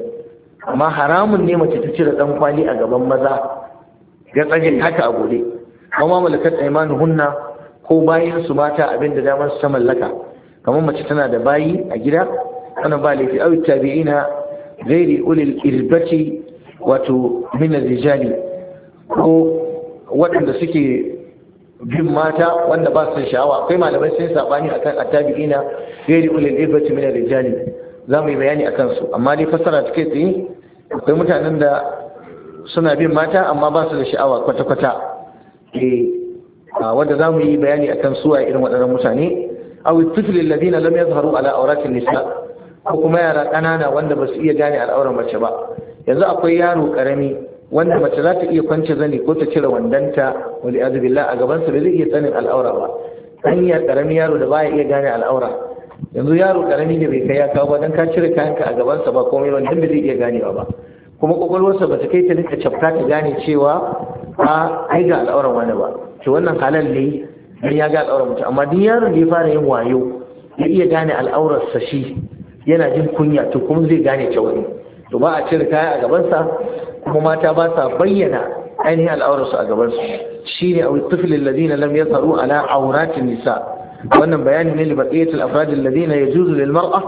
amma haramun ne mace ta cire dan kwali a gaban maza ga tsagin haka a gode kuma malakat hunna ko bayan su mata abin da damar su ta mallaka kamar mace tana da bayi a gida wannan ba laifi au tabi'ina ghairi ulil irbati wato min rijali ko waɗanda suke bin mata wanda ba su sha'awa akwai malamai sun sabani akan attabi'ina gairi ulil ibati min rijali za mu yi bayani akan su amma dai fassara take tsaye akwai mutanen da suna bin mata amma ba su da sha'awa kwata-kwata eh wanda za mu yi bayani akan su a irin waɗannan mutane aw tifli alladhina lam yadhharu ala awratin nisa ko kuma yara ƙanana wanda ba su iya gane al'auran mace ba yanzu akwai yaro karami wanda mace za ta iya kwance zani ko ta cire wandanta wani azubillah a gabansa ba zai iya tsanin al'aura ba hanyar karami yaro da baya iya gane al'aura yanzu yaro karami da bai kai ya kawo ba dan ka cire kayanka a gabansa ba komai ba dan zai iya gane ba kuma kwakwalwarsa ba ta kai ta nika cafka ta gane cewa a ai ga al'auran wani ba to wannan halal ne dan ya ga al'auran mutum amma duk yaron da ya fara yin wayo ya iya gane al'aurarsa shi yana jin kunya to kuma zai gane ta to ba a cire kaya a gabansa kuma mata ba sa bayyana ainihin al'aurarsu a gabansu ne a tufilin ladina lam yasaru ala auratin nisa wannan bayani ne li baqiyatul afrad ya juzu lil mar'a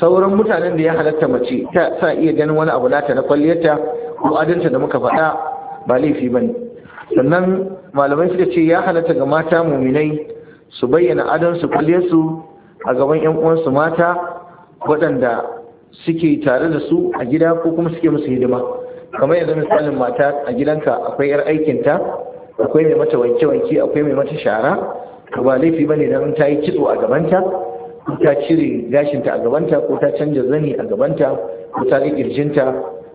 sauran mutanen da ya halatta mace ta sa iya ganin wani abu nata na kwalliyarta ko adalta da muka faɗa ba laifi bane sannan malamai suka ce ya halatta ga mata muminai su bayyana adon su kwalliyarsu a gaban yan uwansu mata waɗanda suke tare da su a gida ko kuma suke musu hidima kamar yanzu misalin mata a gidanka akwai yar aikinta akwai mai mata wanke-wanke akwai mai mata shara ka ba laifi ba ne don ta yi kitso a gabanta ko ta cire gashinta a gabanta ko ta canja zani a gabanta ko ta ga kirjinta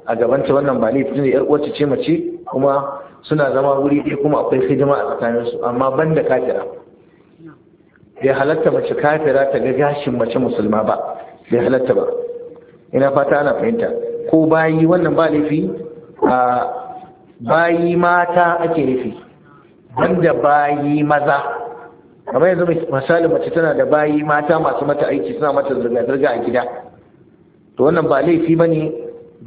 a gabanta wannan ba laifi ne yar uwarta ce mace kuma suna zama wuri ɗaya kuma akwai hidima a su amma banda kafira bai halatta mace kafira ta ga gashin mace musulma ba bai halatta ba ina fata ana fahimta ko bayi wannan ba laifi a bayi mata ake nufi banda bayi maza kamar yanzu misali mace tana da bayi mata masu mata aiki suna mata zirga-zirga a gida to wannan ba laifi ba ne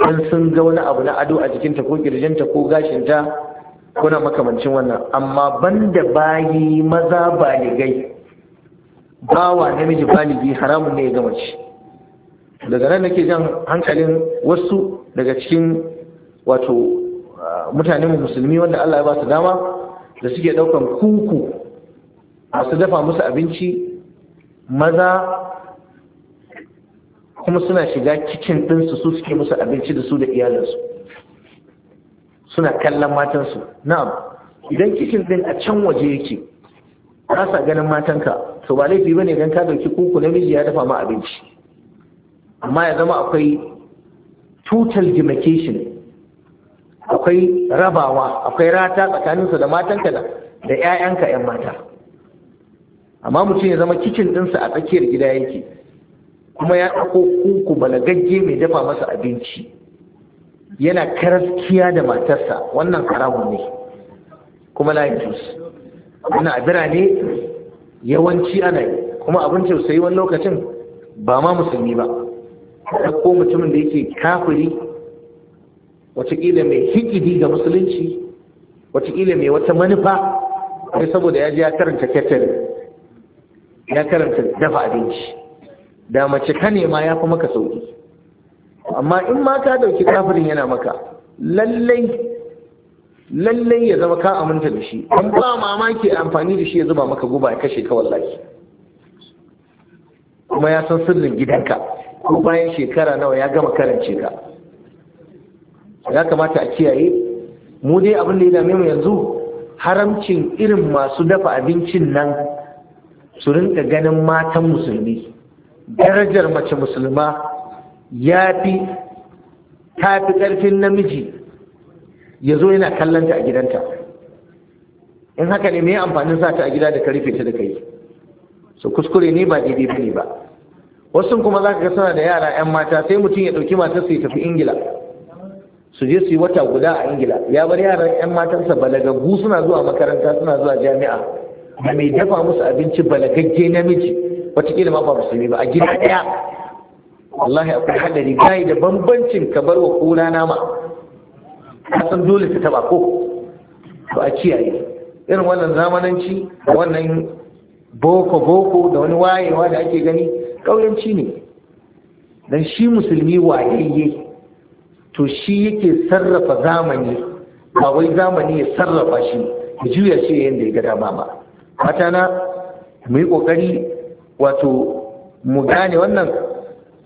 don sun ga wani abu na ado a jikinta ko kirjinta ko gashinta kuna makamancin wannan amma banda bayi maza baligai bawa namiji baligi haramun ne ya gama mace daga nan nake jan hankalin wasu daga cikin wato mutanen musulmi wanda Allah ya ba su dama da suke daukan kuku a su dafa musu abinci maza kuma suna shiga kicin ɗinsu su suke musu abinci da su da iyalinsu suna kallon matansu na'am idan kicin ɗin a can waje yake kasa sa ganin matanka to ba laifi bane idan ka dauki kuku na miji ya dafa ma abinci amma ya zama akwai total demarcation akwai rabawa akwai rata tsakaninsa da matanka da da 'ya'yanka 'yan mata amma mutum ya zama kicin ɗinsa a tsakiyar gida yake kuma ya ɗauko kuku balagagge mai dafa masa abinci yana karaskiya da matarsa wannan karamu ne kuma layin juice Ina a birane yawanci ana yi kuma abin tausayi wani lokacin ba ma musulmi ba ko mutumin da yake kafiri watakila mai hikidi ga musulunci watakila mai wata manufa sai saboda ya ji ya karanta ya karanta dafa abinci da mace ka nema ya fi maka sauki amma in ma ka dauki kafirin yana maka lallai lallai ya zama ka aminta da shi an ba mamaki amfani da shi ya zuba maka guba ya kashe ka wallahi kuma ya san sirrin gidanka ko bayan shekara nawa ya gama karance ka ya kamata a kiyaye mu dai abin da ya dame mu yanzu haramcin irin masu dafa abincin nan su rinka ganin matan musulmi darajar mace musulma ya fi ta fi ƙarfin namiji ya zo yana kallonta a gidanta in haka ne mai amfanin sa ta a gida da ka rufe ta da kai su kuskure ne ba daidai ba ne ba wasu kuma za ka ga suna da yara 'yan mata sai mutum ya ɗauki matarsa ya tafi ingila su je su yi wata guda a ingila ya bar yaran 'yan matansa balagaggu suna zuwa makaranta suna zuwa jami'a A mai dafa musu abinci balagagge namiji watakila ma ba musulmi ba a gida ɗaya wallahi akwai hadari gayi da bambancin ka bar wa kula nama ka san dole su taba ko to a kiyaye irin wannan zamananci wannan boko boko da wani wayewa da ake gani ƙauyanci ne don shi musulmi wayayye to shi yake sarrafa zamani ba wai zamani ya sarrafa shi ya juya shi yadda ya ga dama ba Mata na mu yi ƙoƙari wato mu gane wannan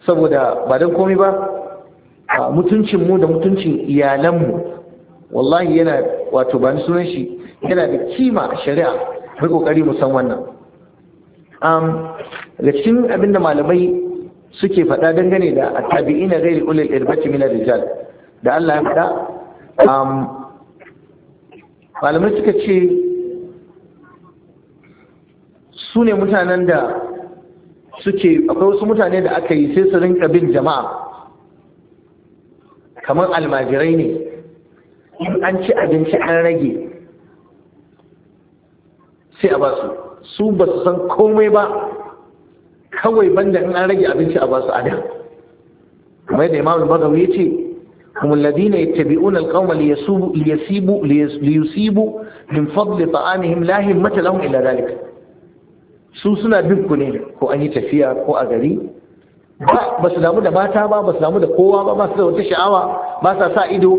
saboda ba don komai ba mutuncin mu da mutuncin iyalanmu wallahi yana wato ba ni sunan shi yana da kima shari'a mu ƙoƙari mu san wannan Um, da cikin abin malamai suke faɗa dangane da tabi'ina gairi, ulil irbati min rijal da Allah ya faɗa um, malamai suka ce su ne mutanen da suke akwai wasu mutane da aka yi sai su rinka bin jama'a kamar almajirai ne in an ci abinci an rage sai a basu su ba su san komai ba kawai banda in an rage abinci a ba su adam kuma yadda imamu bagawi ya ce kuma ladina ya tabi ليسيبوا ليسيبوا liyasibu من فضل ta'anihim lahim mata لهم إلا su suna bin ku ne ko an yi tafiya ko a gari ba su damu da mata ba ba su damu da kowa ba ba su da wata sha'awa ba sa sa ido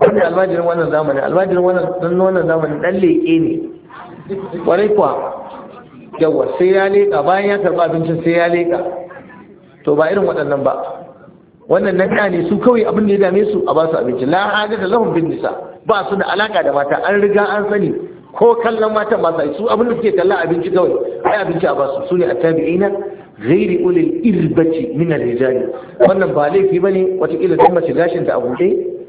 wanda albajirin wannan zamanin albajirin wannan zamanin dan leƙe ne kwarai kuwa yawa sai ya leƙa bayan ya karɓi abincin sai ya leƙa to ba irin waɗannan ba wannan na ne su kawai abin da ya dame su a ba su abinci la haja da lahum bin nisa ba su da alaka da mata an riga an sani ko kallon matan ba su abin da suke kalla abinci kawai ai abinci a ba su sune attabi'ina ghairi ulil irbati min ar-rijal wannan ba laifi bane wata kila dan mace gashin ta abude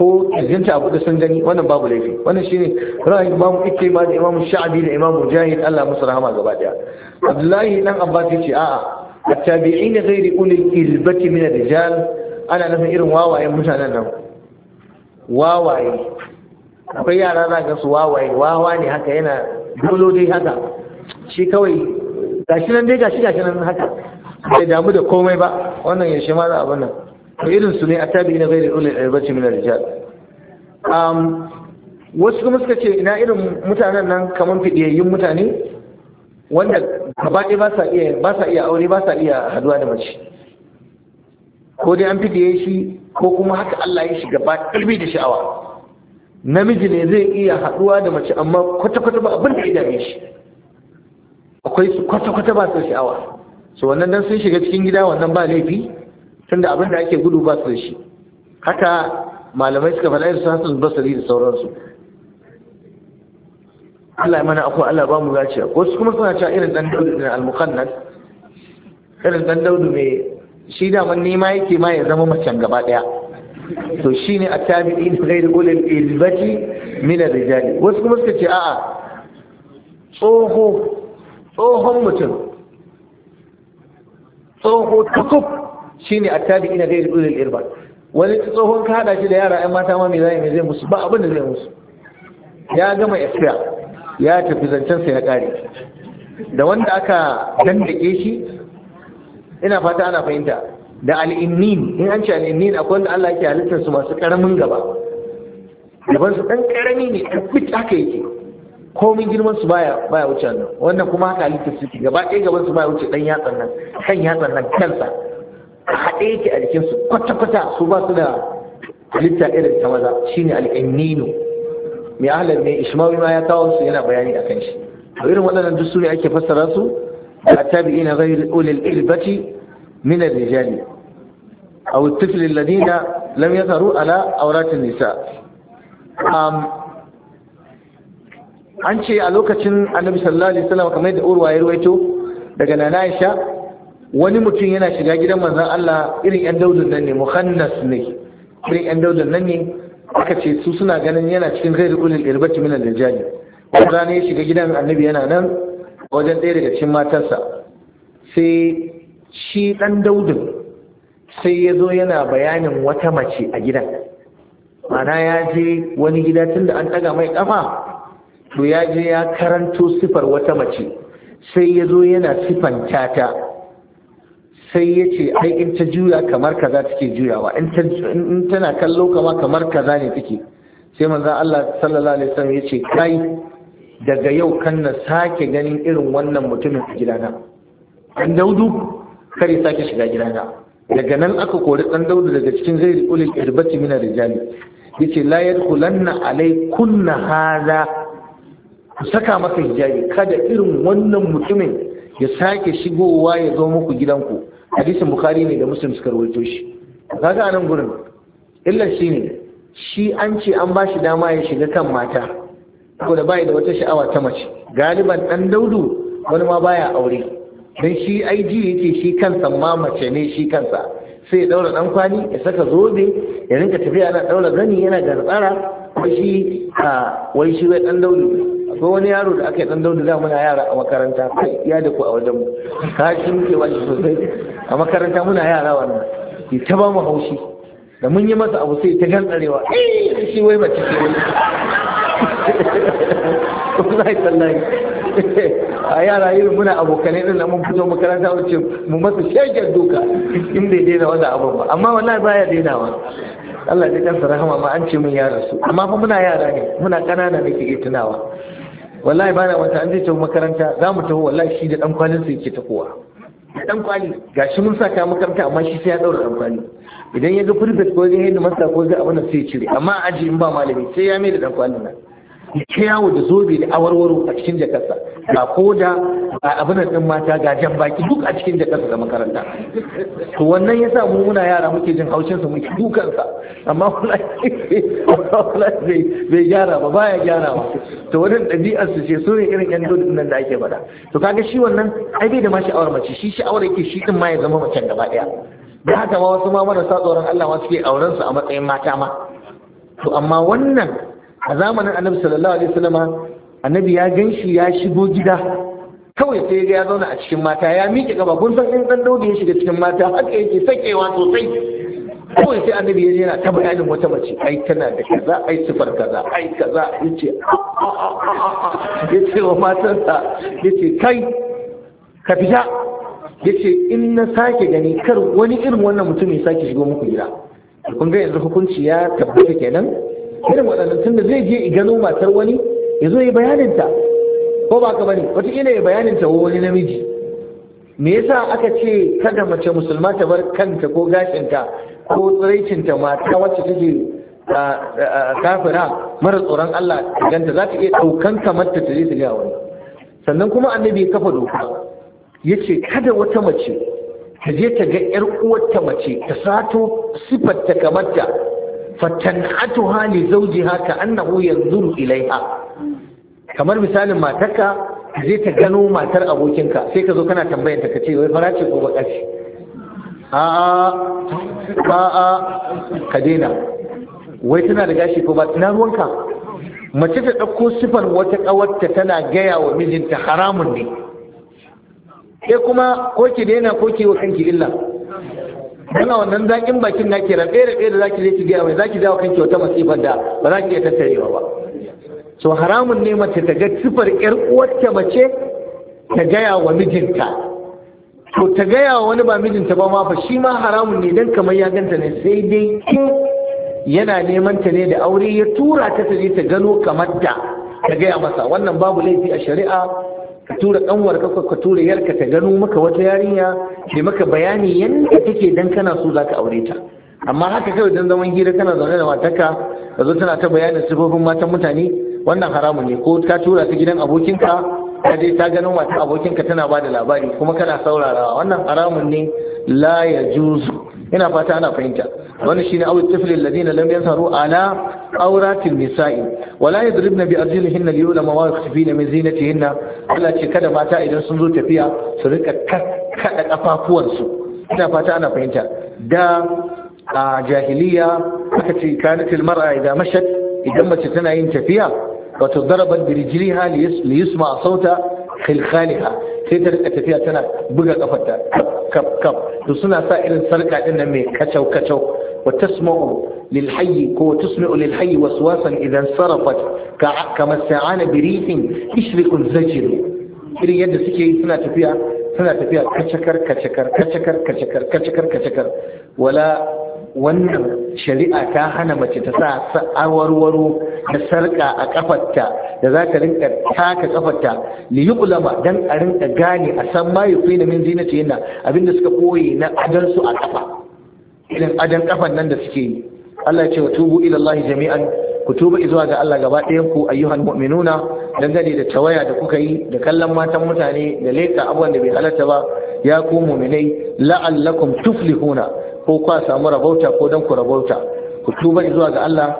ko kirginta abu da sun gani wannan babu laifi wannan shine ra'ayin imamu ba da imamu sha'abi da imamu jahid Allah musu rahama gaba daya abdullahi dan abbas ce a'a at-tabi'in ghairi ulil ilbati min ar-rijal ana nufin irin wawayen mutanen nan wawaye akwai yara za ga su wawaye wawa ne haka yana dolo dai haka shi kawai gashi nan dai gashi gashi nan haka bai damu da komai ba wannan yaushe ma za a nan irin su ne a tabi na gairi ulil albati min rijal um wasu kuma suka ce ina irin mutanen nan kamar fidiyayyun mutane wanda gaba ɗaya ba sa iya ba sa iya aure ba sa iya haduwa da mace ko dai an fidiye shi ko kuma haka Allah ya shiga ba kalbi da sha'awa namiji ne zai iya haduwa da mace amma kwata-kwata ba abin da ya dame shi akwai su kwata-kwata ba su sha'awa su wannan dan sun shiga cikin gida wannan ba laifi tunda abin da ake gudu ba su da shi haka malamai suka faɗa irin hasan basari da sauransu Allah ya mana akwai Allah ba mu gaciya ko su kuma suna cewa irin dan daudu ne al-muqannas irin dan daudu mai shi da nema yake ma ya zama macen gaba daya to shine at da ghayr ulil ilbati min ar-rijal wasu kuma suka ce a'a tsoho tsohon mutum tsoho takub shine attabi'ina ghayr ulil irba wani tsohon ka hada shi da yara ƴan mata ma me zai me zai musu ba abin da zai musu ya gama expire ya tafi zancen sa ya kare da wanda aka dandake shi ina fata ana fahimta da al'innin in an ce al'innin akwai wanda Allah yake halittar su masu karamin gaba gaban su dan karami ne dan fit haka yake komin girman su baya baya wuce wannan kuma haka halittar su gaba ɗaya gaban su baya wuce dan yatsan nan kan yatsan nan kansa a haɗe yake a jikinsu kwata-kwata su ba su da halitta irin ta maza shine al'annino mai ahalar ne ishmawi ma ya kawo su yana bayani a kan shi a irin waɗannan duk su ne ake fassara su da tabi na zai ulil ilbati min rijali aw at-tifl alladhina lam yadharu ala auratun nisa an ce a lokacin annabi sallallahu alaihi wasallam kamar da urwa ya ruwaito daga nana aisha wani mutum yana shiga gidan manzan Allah irin yan daudun nan ne muhannas ne irin yan daudun nan ne aka ce su suna ganin yana cikin zai ulil irbati min da jani wani ne ya shiga gidan annabi yana nan wajen ɗaya daga cikin matarsa sai shi ɗan daudin sai ya zo yana bayanin wata mace a gidan mana ya je wani gida tun da an ɗaga mai ƙafa to ya je ya karanto sifar wata mace sai ya zo yana sifanta ta sai ya ce ai in ta juya kamar kaza take juyawa in tana kallo kama kamar kaza ne take sai manzan Allah sallallahu alaihi wasallam ya ce kai daga yau kan na sake ganin irin wannan mutumin a gidana dan daudu kare sake shiga gidana daga nan aka kori dan daudu daga cikin zai rikuli irbati min rijali yace la yadkhulanna alaykunna hadha ku saka maka hijabi kada irin wannan mutumin ya sake shigowa ya zo muku gidanku hadisin bukhari ne da muslim suka rawaito shi kaga anan gurin illa shi ne shi an ce an ba shi dama ya shiga kan mata saboda bai da wata sha'awa ta mace galiban dan daudu wani ma baya aure dan shi ai ji yake shi kansa ma mace ne shi kansa sai ya daura dan kwani ya saka zobe ya rinka tafiya ana daura gani yana gartsara wai shi wai shi wai dan daudu ko wani yaro da aka yi dan daudu da muna yara a makaranta kai ya da ku a wajen mu ka shi muke wani sosai a makaranta muna yara wannan ki ta ba mu haushi da mun yi masa abu sai ta gantsarewa eh shi wai mace ce ai sallahi a yara irin muna abokanai din mun fito makaranta wuce mu masa shegen duka in bai daina wani abu ba amma wallahi baya dainawa Allah ya kansa rahama ma an ce mun ya rasu amma fa muna yara ne muna ƙanana ne ke tunawa wallahi bana wata an zai tafi makaranta za mu taho wallahi shi da dan kwalin sa yake tafowa da dan kwali gashi mun saka makaranta amma shi sai ya daura dan kwali idan ya ga prefect ko ya ga masa ko ga abin da sai ya cire amma aji in ba malami sai ya mai da dan kwalin nan ya ta yawo da zobe da awarwaro a cikin jakarsa ga koda ga abin din mata ga jan baki duk a cikin jakarta da makaranta to wannan ya sa mu muna yara muke jin haushin su muke dukansa amma wallahi bai gyara ba baya gyara ba to wannan ɗabi'ar su ce so ne irin yan dole nan da ake faɗa to kaga shi wannan ai bai da ma sha'awar mace shi sha'awar yake shi din ma ya zama mace gaba ɗaya da haka ma wasu ma marasa tsoron Allah ma suke auren su a matsayin mata ma to amma wannan a zamanin annabi sallallahu alaihi wasallam annabi ya ganshi ya shigo gida kawai sai ya zauna a cikin mata ya miƙe gaba kun san in dan daudi ya shiga cikin mata haka yake sakewa sosai kawai sai annabi ya yana ta bayanin wata mace ai tana da kaza ai sifar kaza ai kaza yace ah, ah, ah, yace wa matarsa yace kai ka fita yace in na sake gani kar wani irin wannan mutum ya sake shigo muku gida kun ga yanzu hukunci ya tabbata kenan irin waɗannan tun da zai je gano matar wani ya zo yi bayaninta ko ba ka bane wataƙila ya bayaninta wa wani namiji me yasa aka ce kada mace musulma ta bar kanta ko gashinta ko tsiraicinta mata wacce take kafira mara tsoron Allah ganta za ta iya ɗaukan kamar ta je ta gawa wani sannan kuma annabi ya kafa doka ya ce kada wata mace ta je ta ga 'yar uwarta mace ta sato sifarta kamar ta fatan'atuha li zawjiha ka annahu yanzuru ilaiha kamar misalin matarka zai ta gano matar abokinka sai ka zo kana tambayanta ka ce wai fara ce ko baka ce a a ba a ka daina wai tana da gashi ko ba tana ruwanka mace ta ɗauko sifar wata ƙawarta tana gaya wa mijinta haramun ne sai kuma ko ki daina ko ki wa kanki illa yana wannan zakin bakin na ke rabe ɗaya da zaki zai ki gaya mai zaki jawo kanki wata masifar da ba za ki iya tattarewa ba so haramun ne mace ta ga sifar yar uwarta mace ta gaya wa mijinta to ta gaya wa wani ba mijinta ba ma fa shi ma haramun ne dan kamar ya ganta ne sai dai kin yana neman ta ne da aure ya tura ta ta je ta gano kamar ta ta gaya masa wannan babu laifi a shari'a ka tura ɗanwar ka ka tura yarka ta gano maka wata yarinya ke maka bayani yadda take dan kana so ka aure ta amma haka kawai dan zaman hira kana zaune da matarka ka zo tana ta bayanin sifofin matan mutane wannan haramun ne ko ka tura ta gidan abokinka ka je ta gano matan abokinka tana ba da labari kuma kana saurarawa wannan haramun ne la ya juzu ina fata ana fahimta wani shine awil tifli alladhina lam yazharu ala awratil nisa'i wala yadribna bi arjulihin liyulama wa yakhfina min zinatihin Allah ce kada mata idan sun zo tafiya su rika kada kafafuwansu ina fata ana fahimta da a jahiliya aka ce kanatil mar'a idan mashat idan mace tana yin tafiya wato darabat bi rijliha li yusma sauta khilkhaliha sai ta rika tafiya tana buga kafarta kaf kaf to suna sa irin sarka din nan mai kacau kacau wa tasma'u lil hayy ko tasma'u lil hayy waswasan idan sarafat ka kama sa'ana bi rihin ishrikun zajir irin yadda suke yi suna tafiya suna tafiya kacakar kacakar kacakar kacakar kacakar kacakar wala wannan shari'a ta hana mace ta sa awarwaro da sarƙa a kafarta da za ka rinka taka kafarta li yuqlama dan a rinka gane a san ma yufina min zinati yana abinda suka koyi na adan su a kafa irin adan kafan nan da suke yi Allah ya ce wa tubu ila Allah jami'an ku tuba zuwa ga Allah gaba ɗayan ku ayyuhan mu'minuna dangane da tawaya da kuka yi da kallon matan mutane da leka abubuwan da bai halatta ba ya ku mu'minai la'allakum tuflihuna ko kwa samu rabauta ko don ku rabauta ku tuba zuwa ga Allah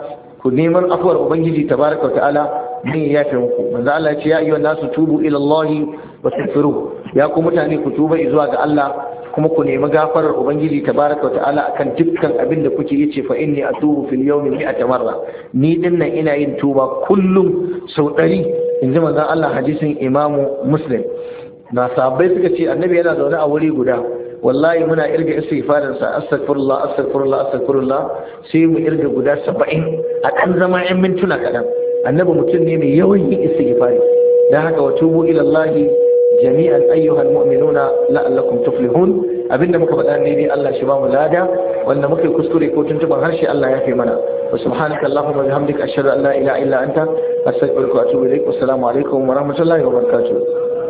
ku neman afuwar ubangiji tabaraka wa ta'ala min ya fi muku manzo Allah ya ce ya ayyuhan nasu tubu ila Allah wastaghfiru ya ku mutane ku tuba zuwa ga Allah kuma ku nemi gafarar ubangiji tabaraka wa ta'ala akan dukkan abin da kuke yi ce fa inni atubu fil yawmi mi'ata marra ni dinnan ina yin tuba kullum sau ɗari inji ji Allah hadisin Imam Muslim na sahabbai suka ce annabi yana zaune a wuri guda wallahi muna irga istighfarin sa astaghfirullah astaghfirullah astaghfirullah sai mu irga guda 70 a kan zama yan mintuna kadan annabi mutum ne mai yawan yin istighfari dan haka wa tubu ila Allah jami'an ayyuhal mu'minuna la'allakum tuflihun abinda muka faɗa ne dai Allah shi ba mu lada wanda muka yi kuskure ko tuntuban harshe Allah ya fi mana wa subhanaka allahumma bihamdika ashhadu an la ilaha illa anta astaghfiruka wa atubu ilaik wa assalamu alaikum wa rahmatullahi wa barakatuh